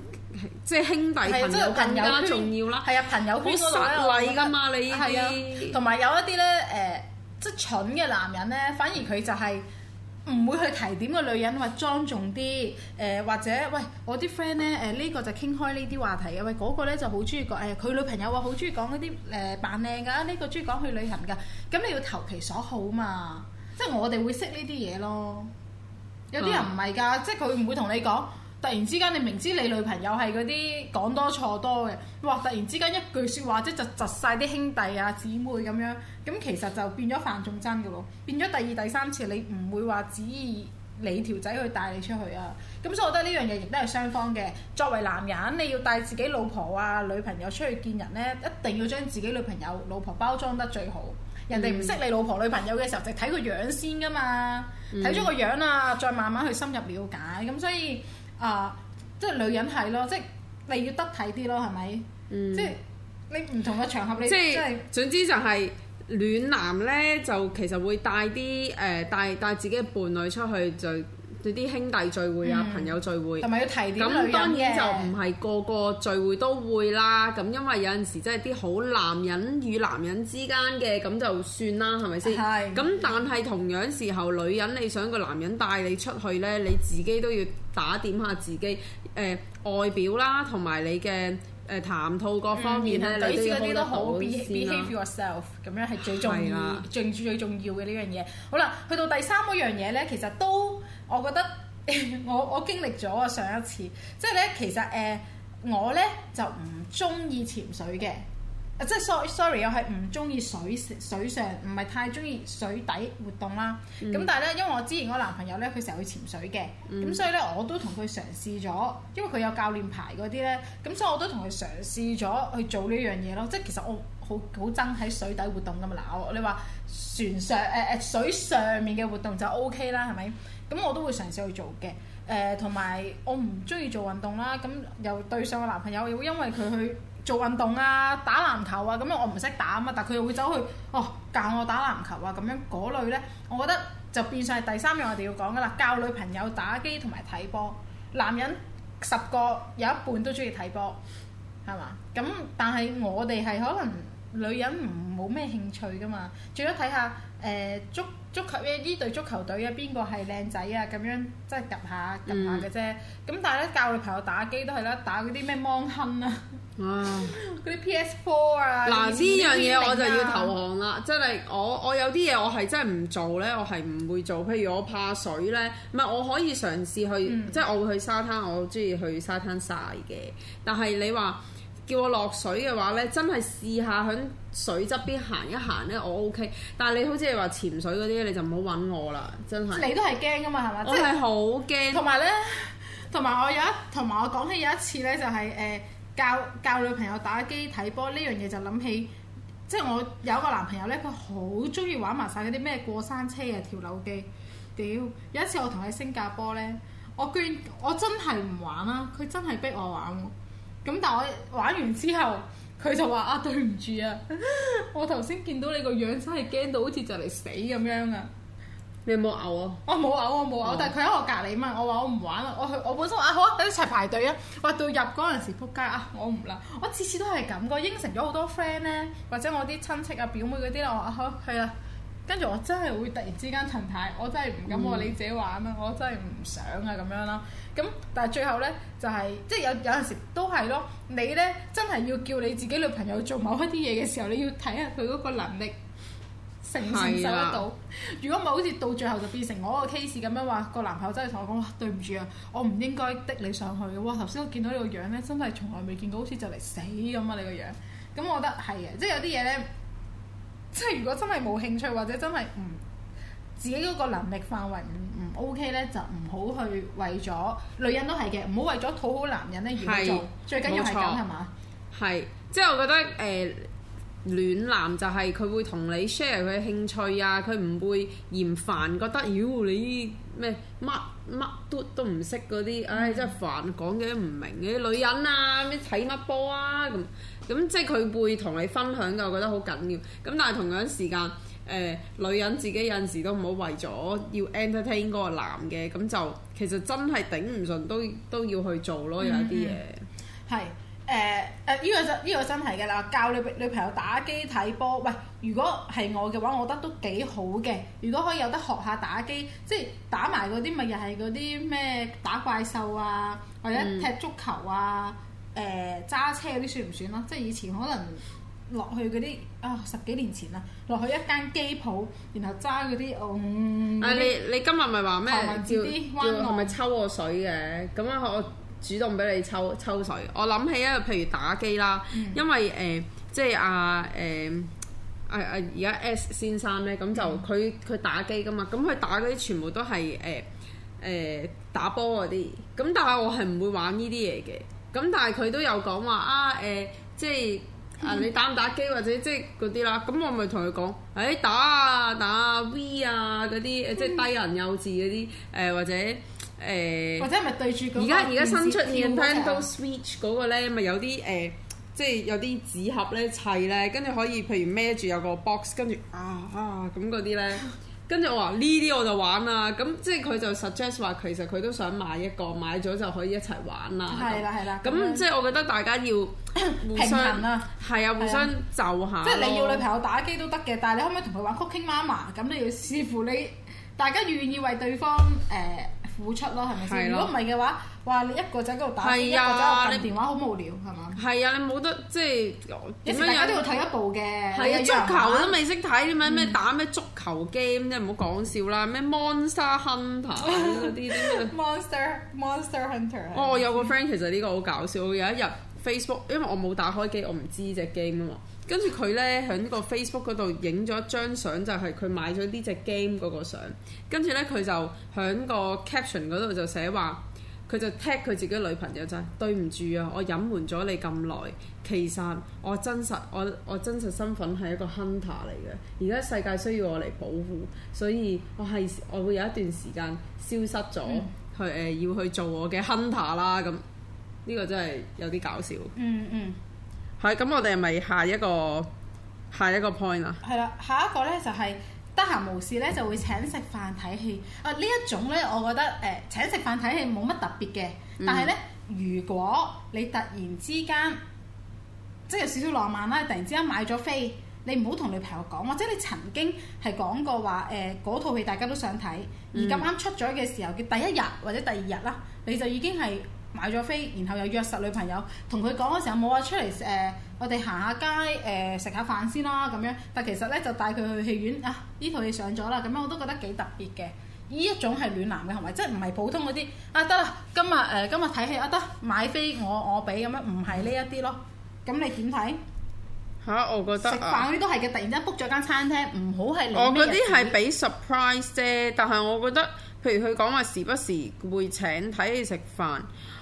即係兄弟朋友更加重要啦，係啊，朋友好個鬧我？依啲係啊，同埋有,有一啲咧誒，即係蠢嘅男人咧，反而佢就係、是。唔會去提點個女人話莊重啲，誒或者喂我啲 friend 咧誒呢個就傾開呢啲話題嘅，喂嗰個咧就好中意講誒佢女朋友啊，好中意講嗰啲誒扮靚噶，呢個中意講去旅行噶，咁你要投其所好嘛，即係我哋會識呢啲嘢咯，有啲人唔係㗎，嗯、即係佢唔會同你講。突然之間，你明知你女朋友係嗰啲講多錯多嘅，哇！突然之間一句説話即就窒晒啲兄弟啊姊妹咁樣，咁其實就變咗犯眾憎嘅咯。變咗第二第三次，你唔會話旨意你條仔去帶你出去啊。咁所以我覺得呢樣嘢亦都係雙方嘅。作為男人，你要帶自己老婆啊女朋友出去見人呢，一定要將自己女朋友老婆包裝得最好。人哋唔識你老婆、嗯、女朋友嘅時候，就睇個樣先㗎嘛。睇咗、嗯、個樣啊，再慢慢去深入了解。咁所以。啊，uh, 即係女人係咯，即係你要得體啲咯，係咪？嗯、即係你唔同嘅場合，你即係即係總之就係暖男咧，就其實會帶啲誒、呃、帶帶自己嘅伴侶出去就。嗯對啲兄弟聚會啊，朋友聚會，同埋、嗯、提啲女人嘅咁當然就唔係個個聚會都會啦。咁因為有陣時真係啲好男人與男人之間嘅，咁就算啦，係咪先？咁是但係同樣時候，女人你想個男人帶你出去呢，你自己都要打點下自己，誒、呃、外表啦，同埋你嘅。誒、呃、談吐各方面咧，類似嗰啲都好說 behave yourself，咁、uh, 樣係最、啊、最，最重要、最最重要嘅呢樣嘢。好啦，去到第三嗰樣嘢咧，其實都我覺得 我我經歷咗啊，上一次即係咧，其實誒、呃、我咧就唔中意潛水嘅。啊、即係 sorry，sorry，我係唔中意水水上，唔係太中意水底活動啦。咁、嗯、但係咧，因為我之前個男朋友咧，佢成日去潛水嘅，咁、嗯、所以咧，我都同佢嘗試咗，因為佢有教練牌嗰啲咧，咁所以我都同佢嘗試咗去做呢樣嘢咯。即係其實我好好憎喺水底活動㗎嘛。嗱、呃，我你話船上誒誒、呃、水上面嘅活動就 O、OK、K 啦，係咪？咁我都會嘗試去做嘅。誒同埋我唔中意做運動啦，咁又對上個男朋友，又因為佢去。做運動啊，打籃球啊，咁樣我唔識打啊嘛，但係佢又會走去哦教我打籃球啊，咁樣嗰類呢，我覺得就變相係第三樣我哋要講㗎喇，教女朋友打機同埋睇波，男人十個有一半都中意睇波，係嘛？咁但係我哋係可能。女人唔冇咩興趣噶嘛，最多睇下誒足足球呢隊足球隊啊，邊個係靚仔啊？咁樣即係及下及下嘅啫。咁、嗯、但係咧教女朋友打機都係啦，打嗰啲咩芒亨啊，嗰啲 PS Four 啊。嗱呢樣嘢我就要投降啦，即係、啊、我我有啲嘢我係真係唔做咧，我係唔會做。譬如我怕水咧，唔係我可以嘗試去，即係、嗯、我會去沙灘，我中意去沙灘晒嘅。但係你話。叫我落水嘅話呢，真係試下響水側邊行一行呢。我 O K。但係你好似你話潛水嗰啲，你就唔好揾我啦，真係。你都係驚㗎嘛？係咪？真係好驚。同埋有呢，同埋我有一，同埋我講起有一次呢、就是，就係誒教教女朋友打機睇波呢樣嘢，就諗起即係我有個男朋友呢，佢好中意玩埋晒嗰啲咩過山車啊、跳樓機。屌、啊，有一次我同佢喺星加坡呢，我居然我真係唔玩啦、啊，佢真係逼我玩、啊。咁但係我玩完之後，佢就話啊，對唔住啊，我頭先見到你個樣真係驚到好似就嚟死咁樣啊！你有冇嘔啊？我冇嘔我冇嘔，但係佢喺我隔離嘛，我話我唔玩啊。我去我本身啊，好啊，等一齊排隊啊！話到入嗰陣時，撲街啊，我唔啦，我次次都係咁個，應承咗好多 friend 咧，或者我啲親戚啊、表妹嗰啲啦，我話：「好，係啊。」跟住我真係會突然之間，陳太，我真係唔敢話你自己玩啦，嗯、我真係唔想啊咁樣啦。咁但係最後呢，就係、是、即係有有陣時都係咯。你呢真係要叫你自己女朋友做某一啲嘢嘅時候，你要睇下佢嗰個能力承唔承受得到。如果唔係，好似到最後就變成我個 case 咁樣話，個男朋友真係同我講，哇，對唔住啊，我唔應該釘你上去嘅。哇！頭先我見到你個樣呢，真係從來未見過，好似就嚟死咁啊！你個樣，咁我覺得係嘅，即係有啲嘢呢。即係如果真係冇興趣或者真係唔、嗯、自己嗰個能力範圍唔唔 OK 咧，就唔好去為咗女人都係嘅，唔好為咗討好男人咧而做，是最緊重要係咁係嘛。係，即係、就是、我覺得誒、呃，暖男就係佢會同你 share 佢興趣啊，佢唔會嫌煩，覺得妖、呃、你依咩乜乜嘟都唔識嗰啲，唉真係煩，講嘅都唔明嘅女人啊咩睇乜波啊咁。咁即係佢會同你分享嘅，我覺得好緊要。咁但係同樣時間，誒、呃、女人自己有陣時都唔好為咗要 entertain 嗰個男嘅，咁就其實真係頂唔順都都要去做咯，有啲嘢。係誒誒，呢、呃呃這個這個真呢個真係嘅。嗱，教你女朋友打機睇波，喂，如果係我嘅話，我覺得都幾好嘅。如果可以有得學下打機，即係打埋嗰啲，咪又係嗰啲咩打怪獸啊，或者踢足球啊。嗯誒揸車嗰啲算唔算啦？即係以前可能落去嗰啲啊，十幾年前啊，落去一間機鋪，然後揸嗰啲哦。啊、嗯！你你今日咪話咩？照係咪抽我水嘅？咁樣，我主動俾你抽抽水。我諗起啊，譬如打機啦，嗯、因為誒、呃、即係阿誒啊啊！而、呃、家、啊、S 先生咧，咁就佢佢、嗯、打機噶嘛，咁佢打嗰啲全部都係誒誒打波嗰啲。咁但係我係唔會玩呢啲嘢嘅。咁但係佢都有講話啊誒、呃，即係啊你打唔打機或者即係嗰啲啦，咁我咪同佢講，誒、欸、打啊打 V 啊嗰啲誒即係低人幼稚嗰啲誒或者誒，或者咪、呃、對住而家新出 Nintendo、那個、Switch 嗰個咧咪有啲誒、呃，即係有啲紙盒咧砌咧，跟住可以譬如孭住有個 box 跟住啊啊咁嗰啲咧。 跟住我話呢啲我就玩啦，咁即係佢就 suggest 話其實佢都想買一個，買咗就可以一齊玩啦。係啦，係啦。咁即係我覺得大家要互相平衡啊。係啊，互相就下。即係你要女朋友打機都得嘅，但係你可唔可以同佢玩 Cooking Mama？咁都要視乎你大家願意為對方誒。呃付出咯，係咪先？如果唔係嘅話，話你一個仔喺度打，一個仔喺度打電話，好無聊，係嘛？係啊，你冇得即係，一大家都要睇一部嘅。係啊，足球都未識睇啲咩咩打咩足球 game 即係，唔好講笑啦。咩 Monster Hunter 啲。Monster Monster Hunter。哦，我有個 friend 其實呢個好搞笑。有一日 Facebook，因為我冇打開機，我唔知呢隻 game 啊嘛。跟住佢呢喺個 Facebook 嗰度影咗張相，就係、是、佢買咗呢隻 game 嗰個相。跟住呢，佢就喺個 caption 嗰度就寫話，佢就 tag 佢自己女朋友，就係對唔住啊，我隱瞞咗你咁耐，其實我真實我我真實身份係一個 hunter 嚟嘅。而家世界需要我嚟保護，所以我係我會有一段時間消失咗、嗯、去誒、呃，要去做我嘅 hunter 啦。咁呢、這個真係有啲搞笑。嗯嗯。嗯係，咁我哋係咪下一個下一個 point 啊？係啦，下一個咧就係、是、得閒無事咧就會請食飯睇戲。啊呢一種咧，我覺得誒、呃、請食飯睇戲冇乜特別嘅，但係咧、嗯、如果你突然之間即係、就是、有少少浪漫啦，突然之間買咗飛，你唔好同你朋友講，或者你曾經係講過話誒嗰套戲大家都想睇，而咁啱出咗嘅時候，嘅第一日或者第二日啦，嗯、你就已經係。買咗飛，然後又約實女朋友，同佢講嗰時候冇話出嚟誒、呃，我哋行、呃、下街誒，食下飯先啦咁樣。但其實咧就帶佢去戲院啊，呢套戲上咗啦，咁樣我都覺得幾特別嘅。呢一種係暖男嘅行為，即係唔係普通嗰啲啊？得啦，今日誒、呃、今日睇戲啊，得買飛我我俾咁樣，唔係呢一啲咯。咁你點睇？嚇、啊，我覺得食飯嗰啲都係嘅。突然之間 book 咗間餐廳，唔好係嚟咩？我嗰啲係俾 surprise 啫，但係我覺得譬如佢講話時不時會請睇戲食飯。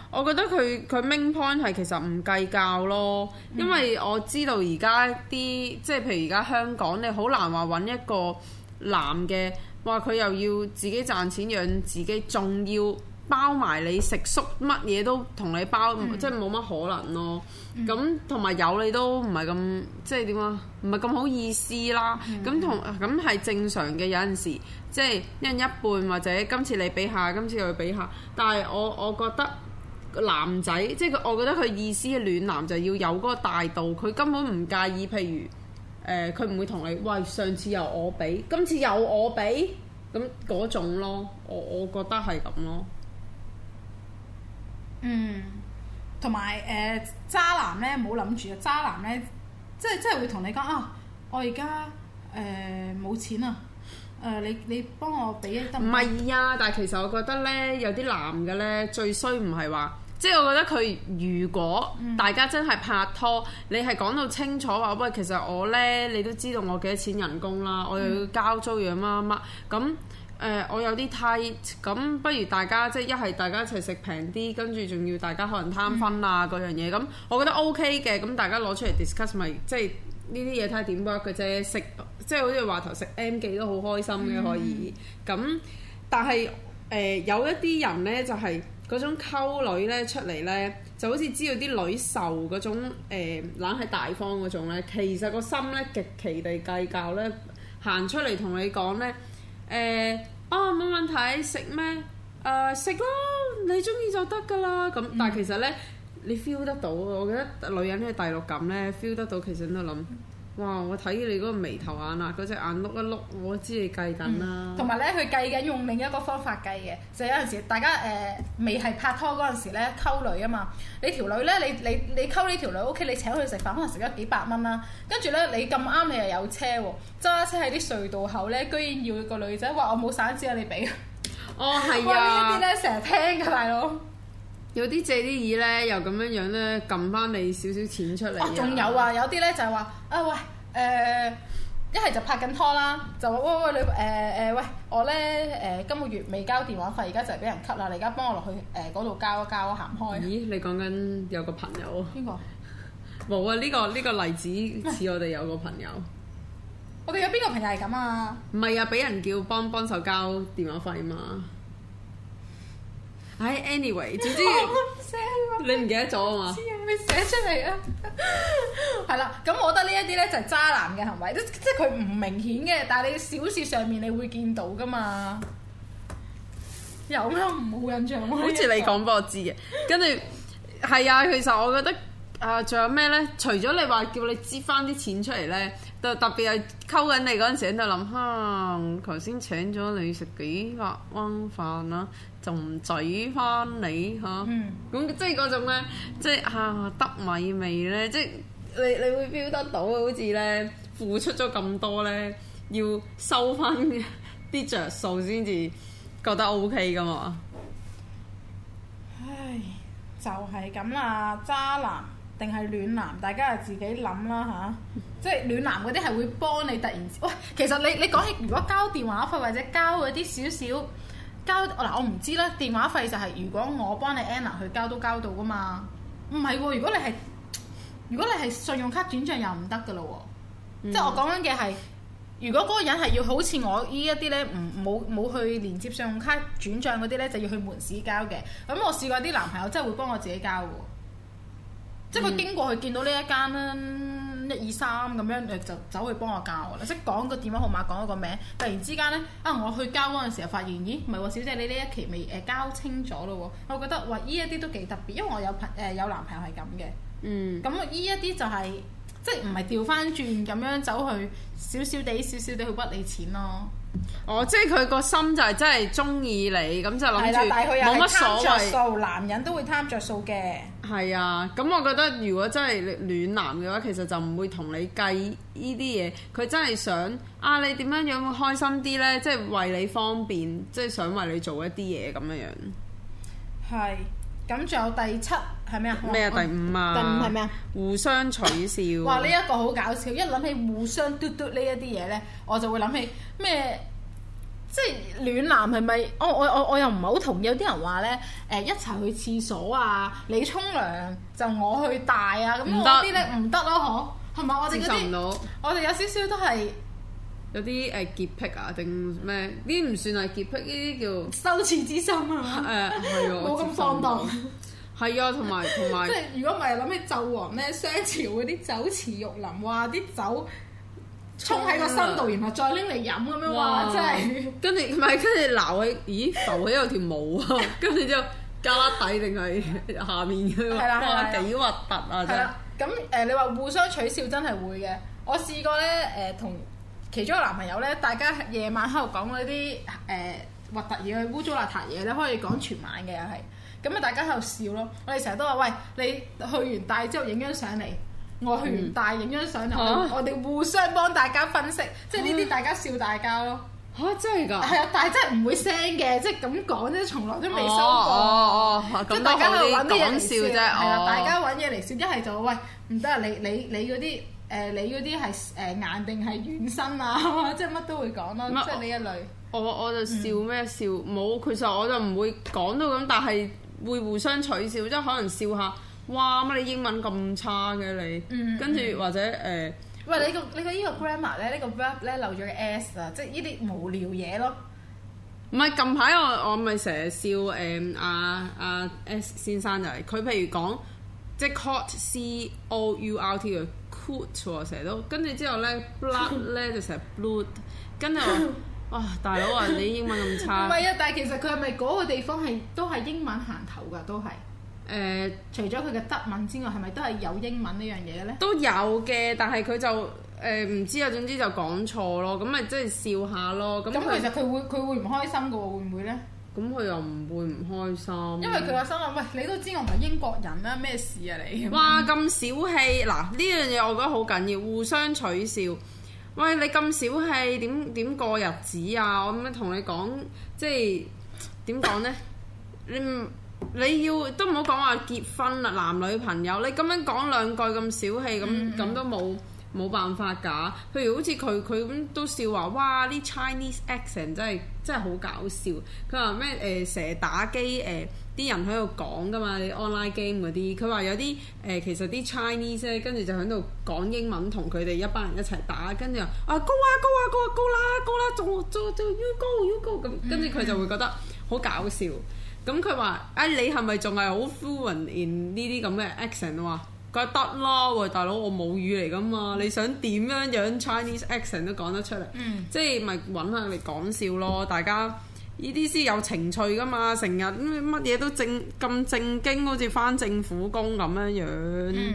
我覺得佢佢 main point 係其實唔計較咯，因為我知道而家啲即係譬如而家香港，你好難話揾一個男嘅話佢又要自己賺錢養自己，仲要包埋你食宿，乜嘢都同你包，嗯、即係冇乜可能咯。咁同埋有你都唔係咁即係點啊？唔係咁好意思啦。咁、嗯、同咁係正常嘅，有陣時即係一人一半，或者今次你俾下，今次又俾下。但係我我覺得。男仔即係佢，我覺得佢意思嘅暖男就要有嗰個大度，佢根本唔介意。譬如誒，佢、呃、唔會同你喂，上次又我俾，今次又我俾咁嗰種咯。我我覺得係咁咯。嗯，同埋誒渣男咧，冇諗住啊！渣男咧，即係即係會同你講啊，我而家誒冇錢啊。誒、呃，你你幫我俾得唔？唔係啊，但係其實我覺得咧，有啲男嘅咧最衰唔係話，即係我覺得佢如果大家真係拍拖，嗯、你係講到清楚話，喂，其實我咧你都知道我幾多錢人工啦，我又要交租要乜乜乜，咁、嗯、誒、呃、我有啲 tight，咁不如大家即係一係大家一齊食平啲，跟住仲要大家可能攤分啊嗰、嗯、樣嘢，咁我覺得 OK 嘅，咁大家攞出嚟 discuss 咪、就是、即係。呢啲嘢睇下點 work 嘅啫，食即係好似話頭食 M 記都好開心嘅可以，咁、嗯、但係誒、呃、有一啲人呢，就係、是、嗰種溝女呢出嚟呢，就好似知道啲女受嗰種誒懶係大方嗰種咧，其實個心呢極其地計較呢，行出嚟同你講呢：呃「誒啊冇問題食咩啊食咯，你中意就得㗎啦，咁但係其實呢。嗯你 feel 得到啊！我覺得女人咧第六感咧 feel 得到，其實喺度諗：哇！我睇你嗰個眉頭眼啊，嗰隻眼碌一碌，我知你計緊啦、啊。同埋咧，佢計緊用另一個方法計嘅，就係、是、有陣時大家誒、呃、未係拍拖嗰陣時咧溝女啊嘛。你，女呢你，你，你，你條女咧，你你你溝呢條女屋企，你請佢食飯，可能食咗幾百蚊啦、啊。跟住咧，你咁啱你又有車喎，揸車喺啲隧道口咧，居然要個女仔話我冇散紙啊，你俾。哦，係啊！呢啲咧成日聽嘅大佬。 有啲借啲嘢咧，又咁樣樣咧撳翻你少少錢出嚟、啊。仲有啊！有啲咧就係、是、話啊，喂，誒、呃，一係就拍緊拖啦，就話，喂喂，你誒誒、呃，喂，我咧誒、呃、今個月未交電話費，而家就係俾人 cut 啦，你而家幫我落去誒嗰度交一交，行開。咦？你講緊有個朋友？邊個、 啊這個？冇啊！呢個呢個例子似我哋有個朋友。我哋有邊個朋友係咁啊？唔係啊！俾人叫幫幫手交電話費嘛。唉，anyway，總之你唔記得咗啊嘛？你未寫出嚟啊， 係啦，咁我覺得呢一啲咧就係渣男嘅行為，即即係佢唔明顯嘅，但係你小事上面你會見到噶嘛，有啊，唔好 印象喎。 好似你講俾我知嘅，跟住係啊，其實我覺得啊，仲、呃、有咩咧？除咗你話叫你擠翻啲錢出嚟咧。特別係溝緊你嗰陣時，喺度諗下頭先請咗你食幾百蚊飯啦、啊，仲賈翻你嚇，咁即係嗰種咧，即係嚇得米味咧，即係你你會 feel 得到，好似咧付出咗咁多咧，要收翻啲着數先至覺得 OK 㗎嘛？唉，就係咁啦，渣男。定係暖男，大家啊自己諗啦嚇， 即係暖男嗰啲係會幫你突然。喂，其實你你講起如果交電話費或者交嗰啲少少交嗱我唔知啦，電話費就係如果我幫你 Anna 去交都交到㗎嘛，唔係喎，如果你係如果你係信用卡轉帳又唔得㗎咯喎，嗯、即係我講緊嘅係如果嗰個人係要好似我依一啲呢，唔冇冇去連接信用卡轉帳嗰啲呢，就要去門市交嘅，咁我試過啲男朋友真係會幫我自己交喎。即係佢經過佢見到呢一間一二三咁樣誒，就走去幫我交我啦。即係講個電話號碼，講咗個名。突然之間咧，啊我去交嗰陣時候發現，咦唔係喎，小姐你呢一期未誒、呃、交清咗咯喎。我覺得喂，依一啲都幾特別，因為我有朋誒、呃、有男朋友係咁嘅。嗯。咁依一啲就係、是。即係唔係調翻轉咁樣走去，少少地少少地去屈你錢咯。哦，即係佢個心就係真係中意你，咁就諗住冇乜所謂。男人都會貪着數嘅。係啊，咁、嗯、我覺得如果真係暖男嘅話，其實就唔會同你計呢啲嘢。佢真係想啊，你點樣樣會開心啲呢？即係為你方便，即係想為你做一啲嘢咁樣樣。係。咁仲有第七係咩啊？咩啊？第五啊？第五係咩啊？互相取笑。 哇！呢、這、一個好搞笑，一諗起互相嘟嘟呢一啲嘢咧，我就會諗起咩，即係暖男係咪？我我我我又唔係好同意，有啲人話咧，誒、呃、一齊去廁所啊，你沖涼就我去帶啊，咁嗰啲咧唔得咯，嗬？係咪？我哋嗰啲，受我哋有少少都係。有啲誒潔癖啊，定咩呢啲唔算係潔癖，呢啲叫羞恥之心啊。誒，係冇咁放蕩。係啊，同埋同埋。即係如果唔係諗起紂王咧，商朝嗰啲酒池肉林，哇！啲酒沖喺個身度，然後再拎嚟飲咁樣，哇！真係跟住唔係跟住鬧佢，咦？浮起有條毛啊！跟住之後就加睇定係下面嘅哇幾核突啊！真係咁誒，你話互相取笑真係會嘅。我試過咧誒同，其中個男朋友咧，大家夜晚喺度講嗰啲誒核突嘢、污糟邋遢嘢咧，可以講全晚嘅。又係咁啊，大家喺度笑咯。我哋成日都話：喂，你去完大之後影張相嚟，我去完大影張相嚟，我哋互相幫大家分析。即係呢啲大家笑大家咯。嚇，真係㗎？係啊，但係真係唔會聲嘅，即係咁講咧，從來都未收過。哦哦哦，大家搵啲講笑啫，係啊，大家揾嘢嚟笑，一係就喂，唔得啊！你你你嗰啲。誒、呃、你嗰啲係誒硬定係軟身啊？呵呵，即係乜都會講咯，我即係呢一類。我我就笑咩笑？冇，嗯、其實我就唔會講到咁，但係會互相取笑，即係可能笑下。哇！乜你英文咁差嘅你？嗯、跟住或者誒？餵、嗯呃！你，你個你個依個 grammar 咧，呢個 verb 咧漏咗個 s, S、嗯、啊，即係呢啲無聊嘢咯。唔係，近排我我咪成日笑誒阿阿 S 先生就係佢，啊啊、譬如講即係 c o u r t 佢。put 成日都跟住之後咧 blood 咧就成日 blood 跟住哇，大佬啊， 你英文咁差。唔係啊，但係其實佢係咪嗰個地方係都係英文行頭㗎？都係誒，呃、除咗佢嘅德文之外，係咪都係有英文呢樣嘢咧？都有嘅，但係佢就誒唔、呃、知啊，總之就講錯咯，咁咪即係笑下咯。咁、嗯、其實佢會佢會唔開心㗎喎？會唔會咧？咁佢又唔會唔開心。因為佢話心諗，喂，你都知我唔係英國人啦，咩事啊你？哇，咁小氣！嗱，呢樣嘢我覺得好緊要，互相取笑。喂，你咁小氣，點點過日子啊？我咁樣同你講，即係點講呢？ 你你要都唔好講話結婚啦，男女朋友，你咁樣講兩句咁小氣，咁咁、嗯、都冇。冇辦法㗎，譬如好似佢佢咁都笑話，哇！啲 Chinese accent 真係真係好搞笑。佢話咩誒成日打機誒啲、呃、人喺度講㗎嘛，你 online game 嗰啲。佢話有啲誒、呃、其實啲 Chinese 咧，跟住就喺度講英文，同佢哋一班人一齊打，跟住啊高啊高啊高啊高啦高啦，仲仲仲 you go you go 咁，跟住佢就會覺得好搞笑。咁佢話啊，你係咪仲係好 fluent in 呢啲咁嘅 accent 啊？覺得咯，喂大佬，我母語嚟噶嘛？你想點樣樣 Chinese accent 都講得出嚟，嗯、即係咪揾下你講笑咯？大家呢啲先有情趣噶嘛？成日乜嘢都正咁正經，好似翻政府工咁樣樣。嗯、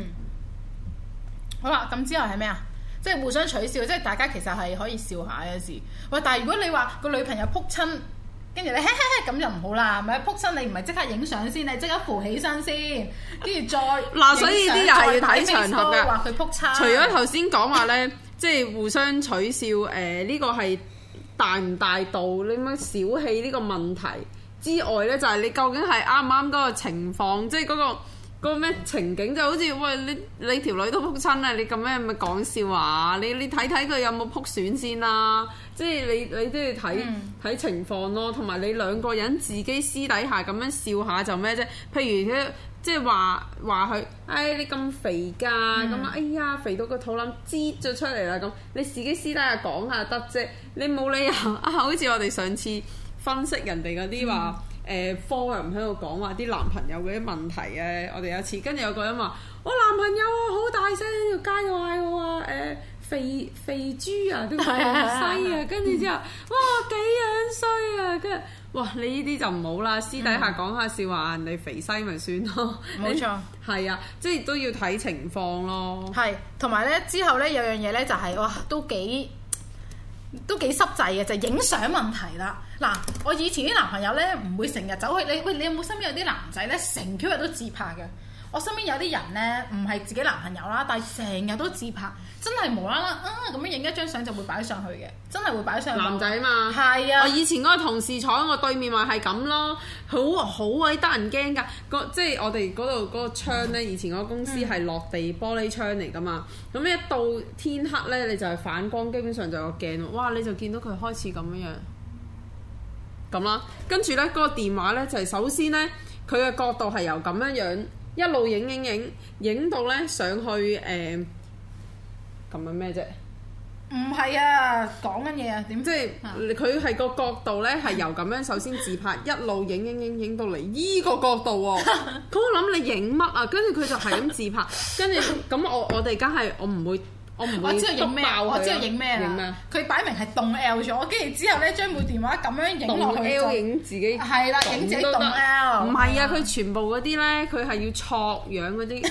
好啦，咁之後係咩啊？即係互相取笑，即係大家其實係可以笑下嘅事。喂，但係如果你話個女朋友撲親。跟住你嘿嘿嘿，咁就唔好啦，咪仆身，你唔係即刻影相先，你即刻扶起身先，跟住再嗱、 啊，所以啲又係要睇場合嘅。合話佢仆身，除咗頭先講話咧，即係互相取笑，誒、呃、呢、呢個係大唔大度，你樣小氣呢個問題之外咧，就係、是、你究竟係啱唔啱嗰個情況，即係嗰、嗰個。個咩情景就好、是、似喂，你你條女都撲親啦，你咁樣咪講笑話？你、啊、你睇睇佢有冇撲損先啦、啊，即係你你都要睇睇情況咯。同埋你兩個人自己私底下咁樣笑下就咩啫？譬如咧即係話話佢，哎你咁肥㗎，咁啊、嗯、哎呀肥到個肚腩擠咗出嚟啦咁，你自己私底下講下得啫。你冇理由啊，好似我哋上次分析人哋嗰啲話。嗯誒科人喺度講話啲男朋友嗰啲問題啊！我哋有一次跟住有個人話：我、哦、男朋友好大聲喺度街嗌我啊！誒、呃、肥肥豬啊，都肥西啊！跟住 之後，哇幾樣衰啊！跟住哇，你呢啲就唔好啦，私底下講下笑話，人哋、嗯、肥西咪算咯。冇錯，係啊，即係都要睇情況咯。係，同埋咧之後咧有樣嘢咧就係、是、哇，都幾都幾濕滯嘅，就影、是、相問題啦。嗱，我以前啲男朋友咧，唔會成日走去你喂，你有冇身邊有啲男仔咧，成 Q 日都自拍嘅？我身邊有啲人咧，唔係自己男朋友啦，但係成日都自拍，真係無啦啦啊咁樣影一張相就會擺上去嘅，真係會擺上去。上去男仔嘛，係啊！我以前嗰個同事坐喺我對面，咪係咁咯，好好鬼得人驚㗎。即係我哋嗰度嗰個窗咧，以前嗰公司係落地玻璃窗嚟㗎嘛。咁、嗯、一到天黑咧，你就係反光，基本上就有個鏡，哇！你就見到佢開始咁樣樣。咁啦，跟住呢嗰、嗰個電話咧就係、係、首先呢，佢嘅角度係由咁樣樣一路影影影影到呢上去誒，咁、呃、樣咩啫？唔係啊，講緊嘢啊，點？即係佢係個角度呢，係由咁樣首先自拍， 一路影影影影到嚟依個角度喎。咁我諗你影乜啊？跟住佢就係咁自拍，跟住咁我我哋而家係我唔會。我知佢用咩，我知佢影咩啦。佢擺明係動 L 咗，跟住之後咧將部電話咁樣影落去。動 L 影自己，動都得。唔係啊，佢全部嗰啲咧，佢係要錯樣嗰啲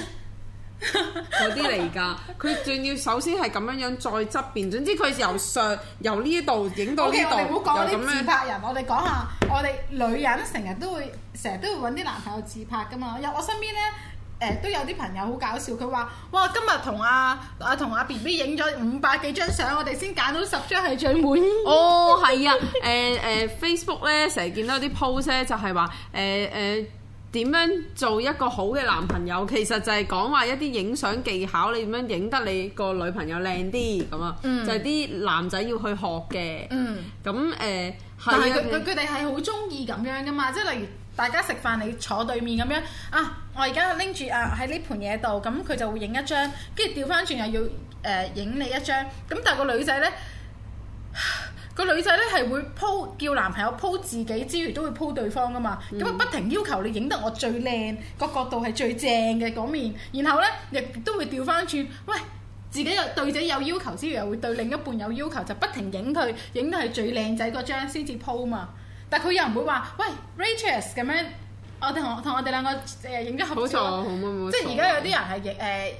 嗰啲嚟㗎。佢仲要首先係咁樣樣再側邊。總之佢由上由呢度影到呢度。OK，我哋唔好講啲自拍人，我哋講下我哋女人成日都會成日都會揾啲男朋友自拍㗎嘛。由我身邊咧。誒都有啲朋友好搞笑，佢話：哇，今日同阿阿同阿 B B 影咗五百幾張相，我哋先揀到十張係最滿。哦，係啊，誒誒、 呃呃、Facebook 咧成日見到啲 post 咧，就係話誒誒點樣做一個好嘅男朋友，其實就係講話一啲影相技巧，你點樣影得你個女朋友靚啲咁啊？嗯、就係啲男仔要去學嘅。嗯，咁誒，呃、但係佢哋係好中意咁樣噶嘛？即係例如。大家食飯，你坐對面咁樣啊！我而家拎住啊喺呢盤嘢度，咁佢就會影一張，跟住調翻轉又要誒影、呃、你一張。咁但係個女仔呢，個女仔呢係會 po 叫男朋友 po 自己之餘，都會 po 對方噶嘛。咁啊、嗯、不停要求你影得我最靚，個角度係最正嘅嗰面。然後呢亦都會調翻轉，喂，自己又對自己有要求之餘，又會對另一半有要求，就不停影佢，影得係最靚仔嗰張先至 po 嘛。但佢又唔會話，喂 r a c h e s 咁樣我，我哋同同我哋兩個誒影張合照，呃、錯即係而家有啲人係影誒，呃、錯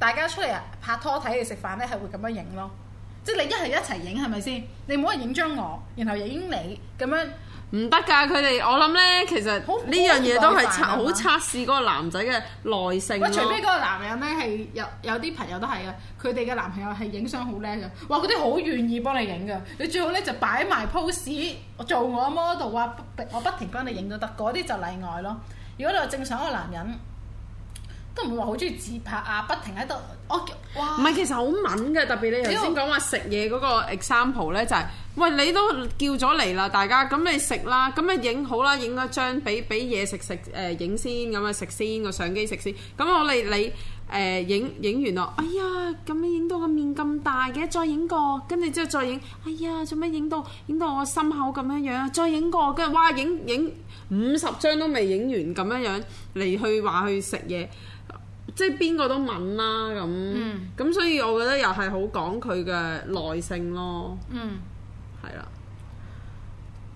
大家出嚟啊拍拖睇你食飯咧，係會咁樣影咯，即係你一係一齊影係咪先？你唔好影張我，然後影你咁樣。唔得㗎，佢哋我諗呢，其實呢樣嘢都係測好測試嗰個男仔嘅耐性。除非嗰個男人呢，係有有啲朋友都係啊，佢哋嘅男朋友係影相好叻嘅，話嗰啲好願意幫你影嘅，你最好呢，就擺埋 pose 做我 model 啊，我不停幫你影都得，嗰啲就例外咯。如果你話正常嘅男人。都唔會話好中意自拍啊！不停喺度，我哇！唔係其實好敏㗎，特別你頭先講話食嘢嗰個 example 咧，欸、就係、是，喂，你都叫咗嚟啦，大家，咁你，你食啦，咁你影好啦，影咗張俾俾嘢食食誒影先，咁啊食先個相機食先，咁我你你誒影影完咯，哎呀，咁樣影到個面咁大嘅，再影個，跟住之後再影，哎呀，做咩影到影到我心口咁樣樣，再影個，跟住哇影影五十張都未影完咁樣樣嚟去話去食嘢。即係邊個都問啦咁，咁、嗯、所以我覺得又係好講佢嘅耐性咯，係、嗯、啦。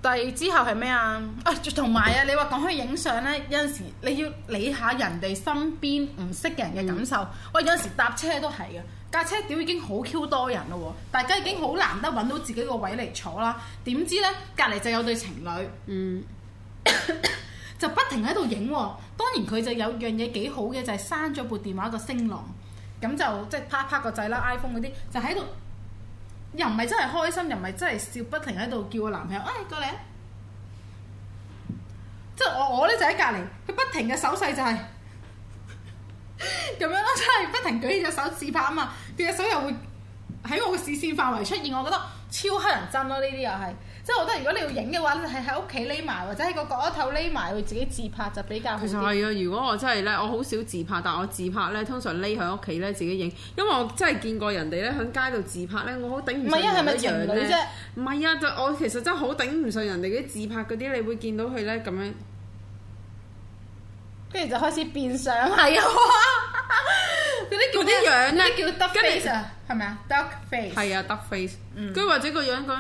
第係之後係咩啊？啊，同埋啊，你話講開影相呢，有陣時你要理下人哋身邊唔識嘅人嘅感受。我、嗯、有陣時搭車都係啊，架車屌已經好 Q 多人咯喎，大家已經好難得揾到自己個位嚟坐啦。點知呢，隔離就有對情侶。嗯 就不停喺度影，當然佢就有樣嘢幾好嘅，就係刪咗部電話個聲浪，咁就即係啪啪個掣啦 iPhone 嗰啲，就喺度又唔係真係開心，又唔係真係笑，不停喺度叫個男朋友啊、哎、過嚟，即係我我呢就喺隔離，佢不停嘅手勢就係、是、咁 樣咯，即、就、係、是、不停舉起隻手自拍啊嘛，佢隻手又會喺我嘅視線範圍出現，我覺得超乞人憎咯呢啲又係。即我覺得，如果你要影嘅話，你係喺屋企匿埋，或者喺個角落頭匿埋，會自己自拍就比較。其實係啊，如果我真係咧，我好少自拍，但我自拍咧，通常匿喺屋企咧自己影，因為我真係見過人哋咧喺街度自拍咧，我好頂唔順。唔係啊，係咪樣嘅啫？唔係啊，就我其實真係好頂唔順人哋啲自拍嗰啲，你會見到佢咧咁樣，跟住就開始變相係啊！嗰啲叫啲樣咧，叫 dark face 啊，係咪啊？dark face 係啊，dark face，跟住或者個樣咁。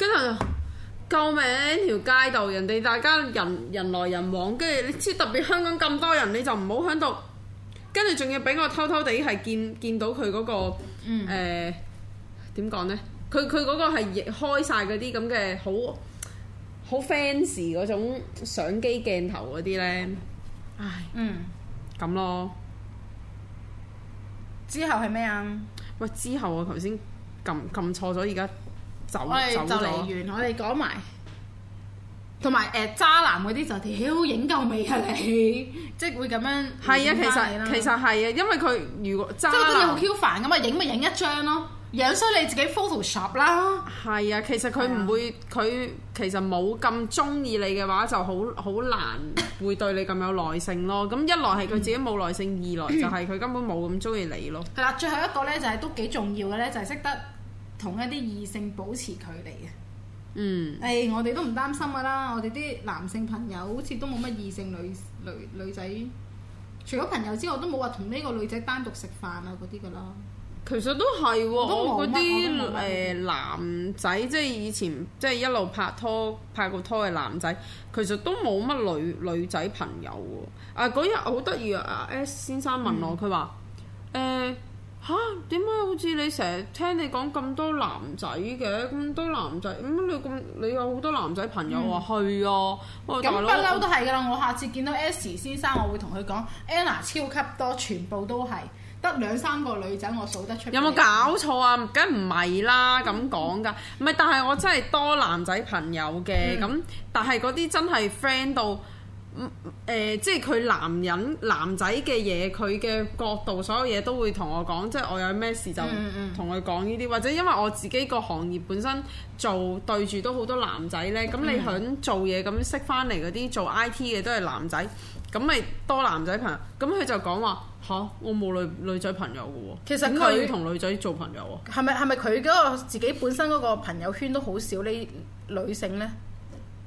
跟住救命！條街道人哋大家，人人來人往，跟住你知特別香港咁多人，你就唔好喺度。跟住仲要俾我偷偷地係見，見到佢嗰個誒，點講呢？佢佢嗰個係開曬嗰啲咁嘅好好 fancy 嗰種相機鏡頭嗰啲呢。唉，嗯，咁咯。之後係咩啊？喂，之後我頭先撳撳錯咗，而家。走我哋就嚟完，我哋講埋，同埋誒渣男嗰啲就屌影夠未啊？ 你，即係會咁樣。係啊，其實其實係啊，因為佢如果渣男，即係真係好 Q 煩噶嘛，影咪影一張咯，樣衰你自己 Photoshop 啦。係啊，其實佢唔會，佢的其實冇咁中意你嘅話就，就好好難會對你咁有耐性咯。咁 一來係佢自己冇耐性，嗯、二來就係佢根本冇咁中意你咯。係啦、嗯， 最後一個咧就係都幾重要嘅咧，就係、是、識得，同一啲異性保持距離，嗯，誒、哎、我哋都唔擔心噶啦，我哋啲男性朋友好似都冇乜異性女女女仔，除咗朋友之外，都冇話同呢個女仔單獨食飯啊嗰啲噶啦。其實都係喎，我啲誒男仔即係以前即係一路拍拖拍過拖嘅男仔，其實都冇乜女女仔朋友喎、啊。啊嗰日好得意啊，S 先生問我，佢話誒。吓，點解好似你成日聽你講咁多男仔嘅？咁多男仔咁你咁你有好多男仔朋友啊？話去啊、嗯，咁不嬲都係㗎啦！我下次見到 S 先生，我會同佢講 Anna 超級多，全部都係得兩三個女仔，我數得出。有冇搞錯啊？梗唔係啦，咁講㗎，唔係但係我真係多男仔朋友嘅，咁、嗯、但係嗰啲真係 friend 到。呃、即係佢男人男仔嘅嘢，佢嘅角度，所有嘢都會同我講。即係我有咩事就同佢講呢啲，嗯嗯，或者因為我自己個行業本身做對住都好多男仔呢。咁、嗯、你響做嘢咁識翻嚟嗰啲做 IT 嘅都係男仔，咁咪多男仔朋友。咁佢就講話嚇，我冇女女仔朋友嘅喎。其實佢要同女仔做朋友啊？係咪係咪佢嗰個自己本身嗰個朋友圈都好少呢女性呢？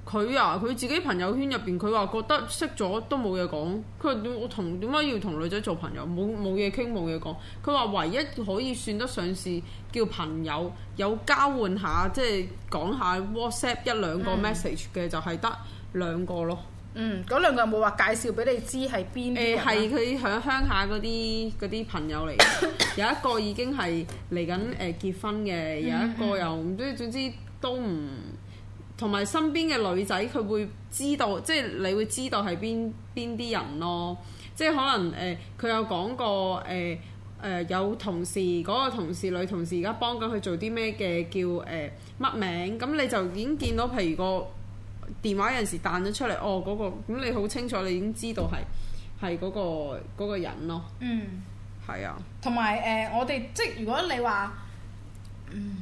佢啊，佢自己朋友圈入邊，佢話覺得識咗都冇嘢講。佢話點，我同點解要同女仔做朋友？冇冇嘢傾，冇嘢講。佢話唯一可以算得上是叫朋友，有交換下即係講下 WhatsApp 一兩個 message 嘅，就係得兩個咯。嗯，嗰兩個有冇話介紹俾你知係邊？誒、呃，係佢響鄉下嗰啲嗰啲朋友嚟嘅。 有一個已經係嚟緊誒結婚嘅，嗯、有一個又唔知，總之都唔。同埋身邊嘅女仔，佢會知道，即係你會知道係邊邊啲人咯。即係可能誒，佢、呃、有講過誒誒、呃呃、有同事嗰個同事女同事而家幫緊佢做啲咩嘅，叫誒乜名？咁你就已經見到，譬如個電話有陣時彈咗出嚟，哦嗰個，咁你好清楚，你已經知道係係嗰個嗰個人咯。嗯，係啊。同埋誒，我哋即係如果你話，嗯。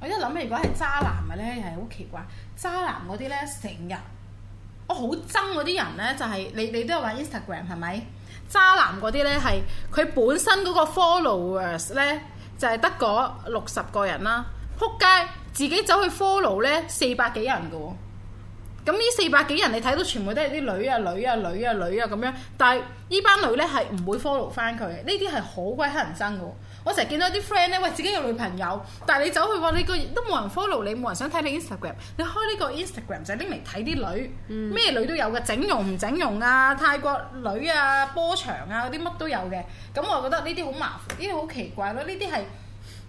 我一諗，如果係渣男嘅咧，又係好奇怪。渣男嗰啲咧，成日我好憎嗰啲人咧，就係、是、你你都有玩 Instagram 係咪？渣男嗰啲咧係佢本身嗰個 followers 咧，就係得嗰六十個人啦。仆街自己走去 follow 咧，四百幾人㗎喎。咁呢四百幾人你睇到全部都係啲女啊女啊女啊女啊咁樣，但係呢班女咧係唔會 follow 翻佢。呢啲係好鬼乞人憎嘅。我成日見到啲 friend 咧，喂，自己有女朋友，但係你走去話你個都冇人 follow 你，冇人想睇你 Instagram。你開呢個 Instagram 就拎嚟睇啲女，咩女都有嘅，整容唔整容啊，泰國女啊，波長啊嗰啲乜都有嘅。咁我覺得呢啲好麻煩，呢啲好奇怪咯。呢啲係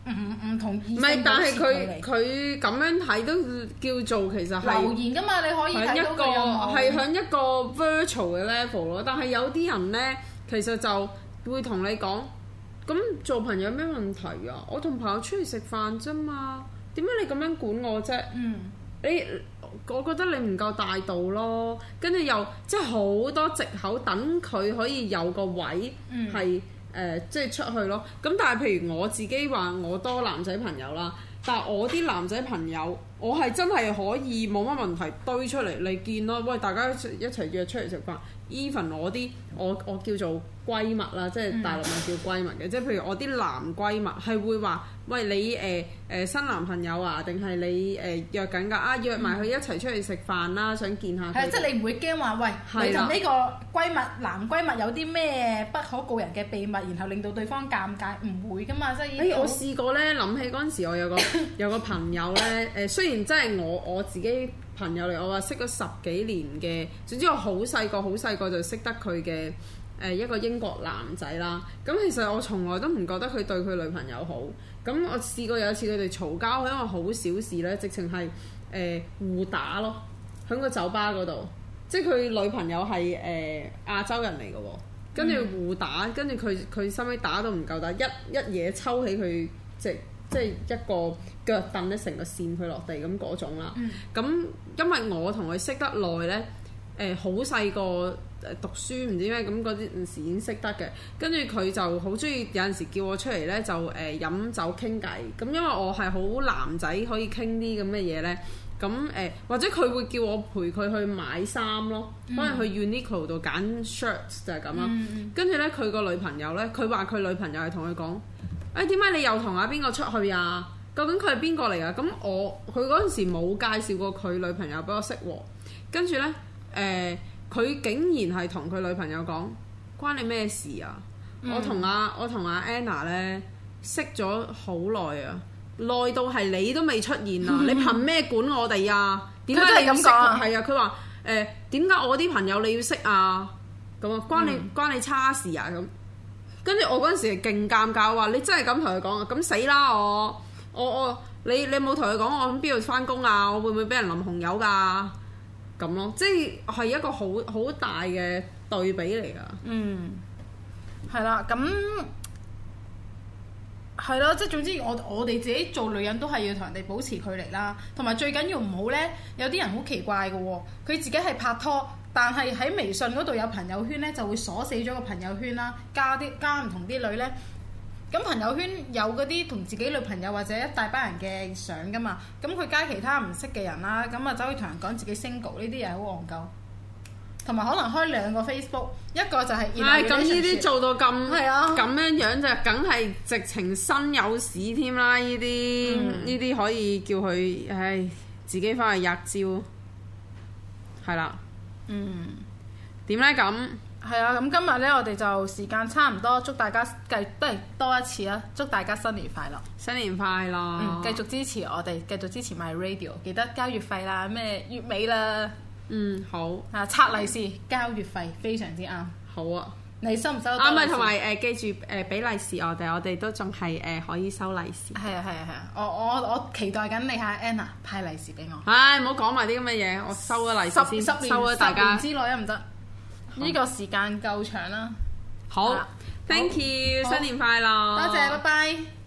唔唔唔同意。唔係，但係佢佢咁樣睇都叫做其實係留言㗎嘛。你可以睇到佢有冇。係一個係響一個 virtual 嘅 level 咯。但係有啲人咧，其實就會同你講。咁做朋友有咩問題啊？我同朋友出去食飯啫嘛，點解你咁樣管我啫？嗯你，你我覺得你唔夠大度咯，跟住又即係好多藉口，等佢可以有個位係誒、嗯呃，即係出去咯。咁但係譬如我自己話，我多男仔朋友啦，但係我啲男仔朋友。我係真係可以冇乜問題堆出嚟，你見咯。喂，大家一齊約出嚟食飯。Even 我啲我我叫做閨蜜啦，即係大陸咪叫閨蜜嘅，嗯、即係譬如我啲男閨蜜係會話，喂你誒誒、呃呃、新男朋友啊，定係你誒、呃、約緊㗎啊？約埋佢一齊出去食飯啦，嗯、想見下。係啊，即係你唔會驚話，喂，你同呢個閨蜜男閨蜜有啲咩不可告人嘅秘密，然後令到對方尷尬，唔會㗎嘛。所以、哎、我試過呢，諗起嗰陣時，我有個有個朋友呢。誒雖然。真係我我自己朋友嚟，我話識咗十幾年嘅，總之我好細個好細個就識得佢嘅誒一個英國男仔啦。咁其實我從來都唔覺得佢對佢女朋友好。咁我試過有一次佢哋嘈交，因為好小事咧，直情係誒互打咯，喺個酒吧嗰度。即係佢女朋友係誒、呃、亞洲人嚟嘅喎，跟住互打，跟住佢佢收尾打都唔夠打，一一嘢抽起佢即即係一個腳凳咧成個線佢落地咁嗰種啦。咁、嗯、因為我同佢識得耐咧，誒好細個讀書唔知咩咁嗰時已經識得嘅。跟住佢就好中意有陣時叫我出嚟咧就誒飲、呃、酒傾偈。咁因為我係好男仔，可以傾啲咁嘅嘢咧。咁、呃、誒或者佢會叫我陪佢去買衫咯，可能、嗯、去 Uniqlo 度揀 shirts 就係咁啦。跟住咧佢個女朋友咧，佢話佢女朋友係同佢講。哎，點解你又同阿邊個出去啊？究竟佢係邊個嚟啊？咁我佢嗰陣時冇介紹過佢女朋友俾我識喎、啊。跟住呢，誒、呃，佢竟然係同佢女朋友講，關你咩事啊？嗯、我同阿、啊、我同阿、啊、Anna 呢，識咗好耐啊，耐到係你都未出現啊！你憑咩管我哋啊？點解、嗯、你咁講？係啊，佢話誒，點解、呃、我啲朋友你要識啊？咁啊，關你、嗯、關你差事啊？咁。跟住我嗰陣時勁尷尬，話你真係咁同佢講啊？咁死啦，我我我你你冇同佢講，我響邊度翻工啊？我會唔會俾人淋紅油㗎？咁咯，即係係一個好好大嘅對比嚟㗎。嗯，係啦，咁係啦，即係總之我我哋自己做女人都係要同人哋保持距離啦，同埋最緊要唔好呢，有啲人好奇怪嘅喎，佢自己係拍拖。但係喺微信嗰度有朋友圈呢，就會鎖死咗個朋友圈啦。加啲加唔同啲女呢，咁朋友圈有嗰啲同自己女朋友或者一大班人嘅相㗎嘛。咁佢加其他唔識嘅人啦，咁啊走去同人講自己 single，呢啲又好戇鳩。同埋可能開兩個 Facebook，一個就係。係咁，呢啲、哎、做到咁咁、啊、樣樣就梗係直情身有屎添啦！呢啲呢啲可以叫佢唉、哎、自己翻去吔蕉，係啦。嗯，點咧咁？係啊，咁今日咧，我哋就時間差唔多，祝大家計都係多一次啦，祝大家新年快樂，新年快樂。嗯，繼續支持我哋，繼續支持 MyRadio，記得交月費啦，咩月尾啦。嗯，好啊，拆利是，交月費，非常之啱。好啊。你收唔收啊？唔係同埋誒，記住誒，俾利是我哋，我哋都仲係誒，可以收利是啊。係啊係啊係啊！我我我期待緊你嚇 Anna 派利是俾我。唉、哎，唔好講埋啲咁嘅嘢，我收咗利是先，十十年收咗大家。十年之內都唔得？呢好個時間夠長啦。好啊，Thank you，好新年快樂。多謝，拜拜。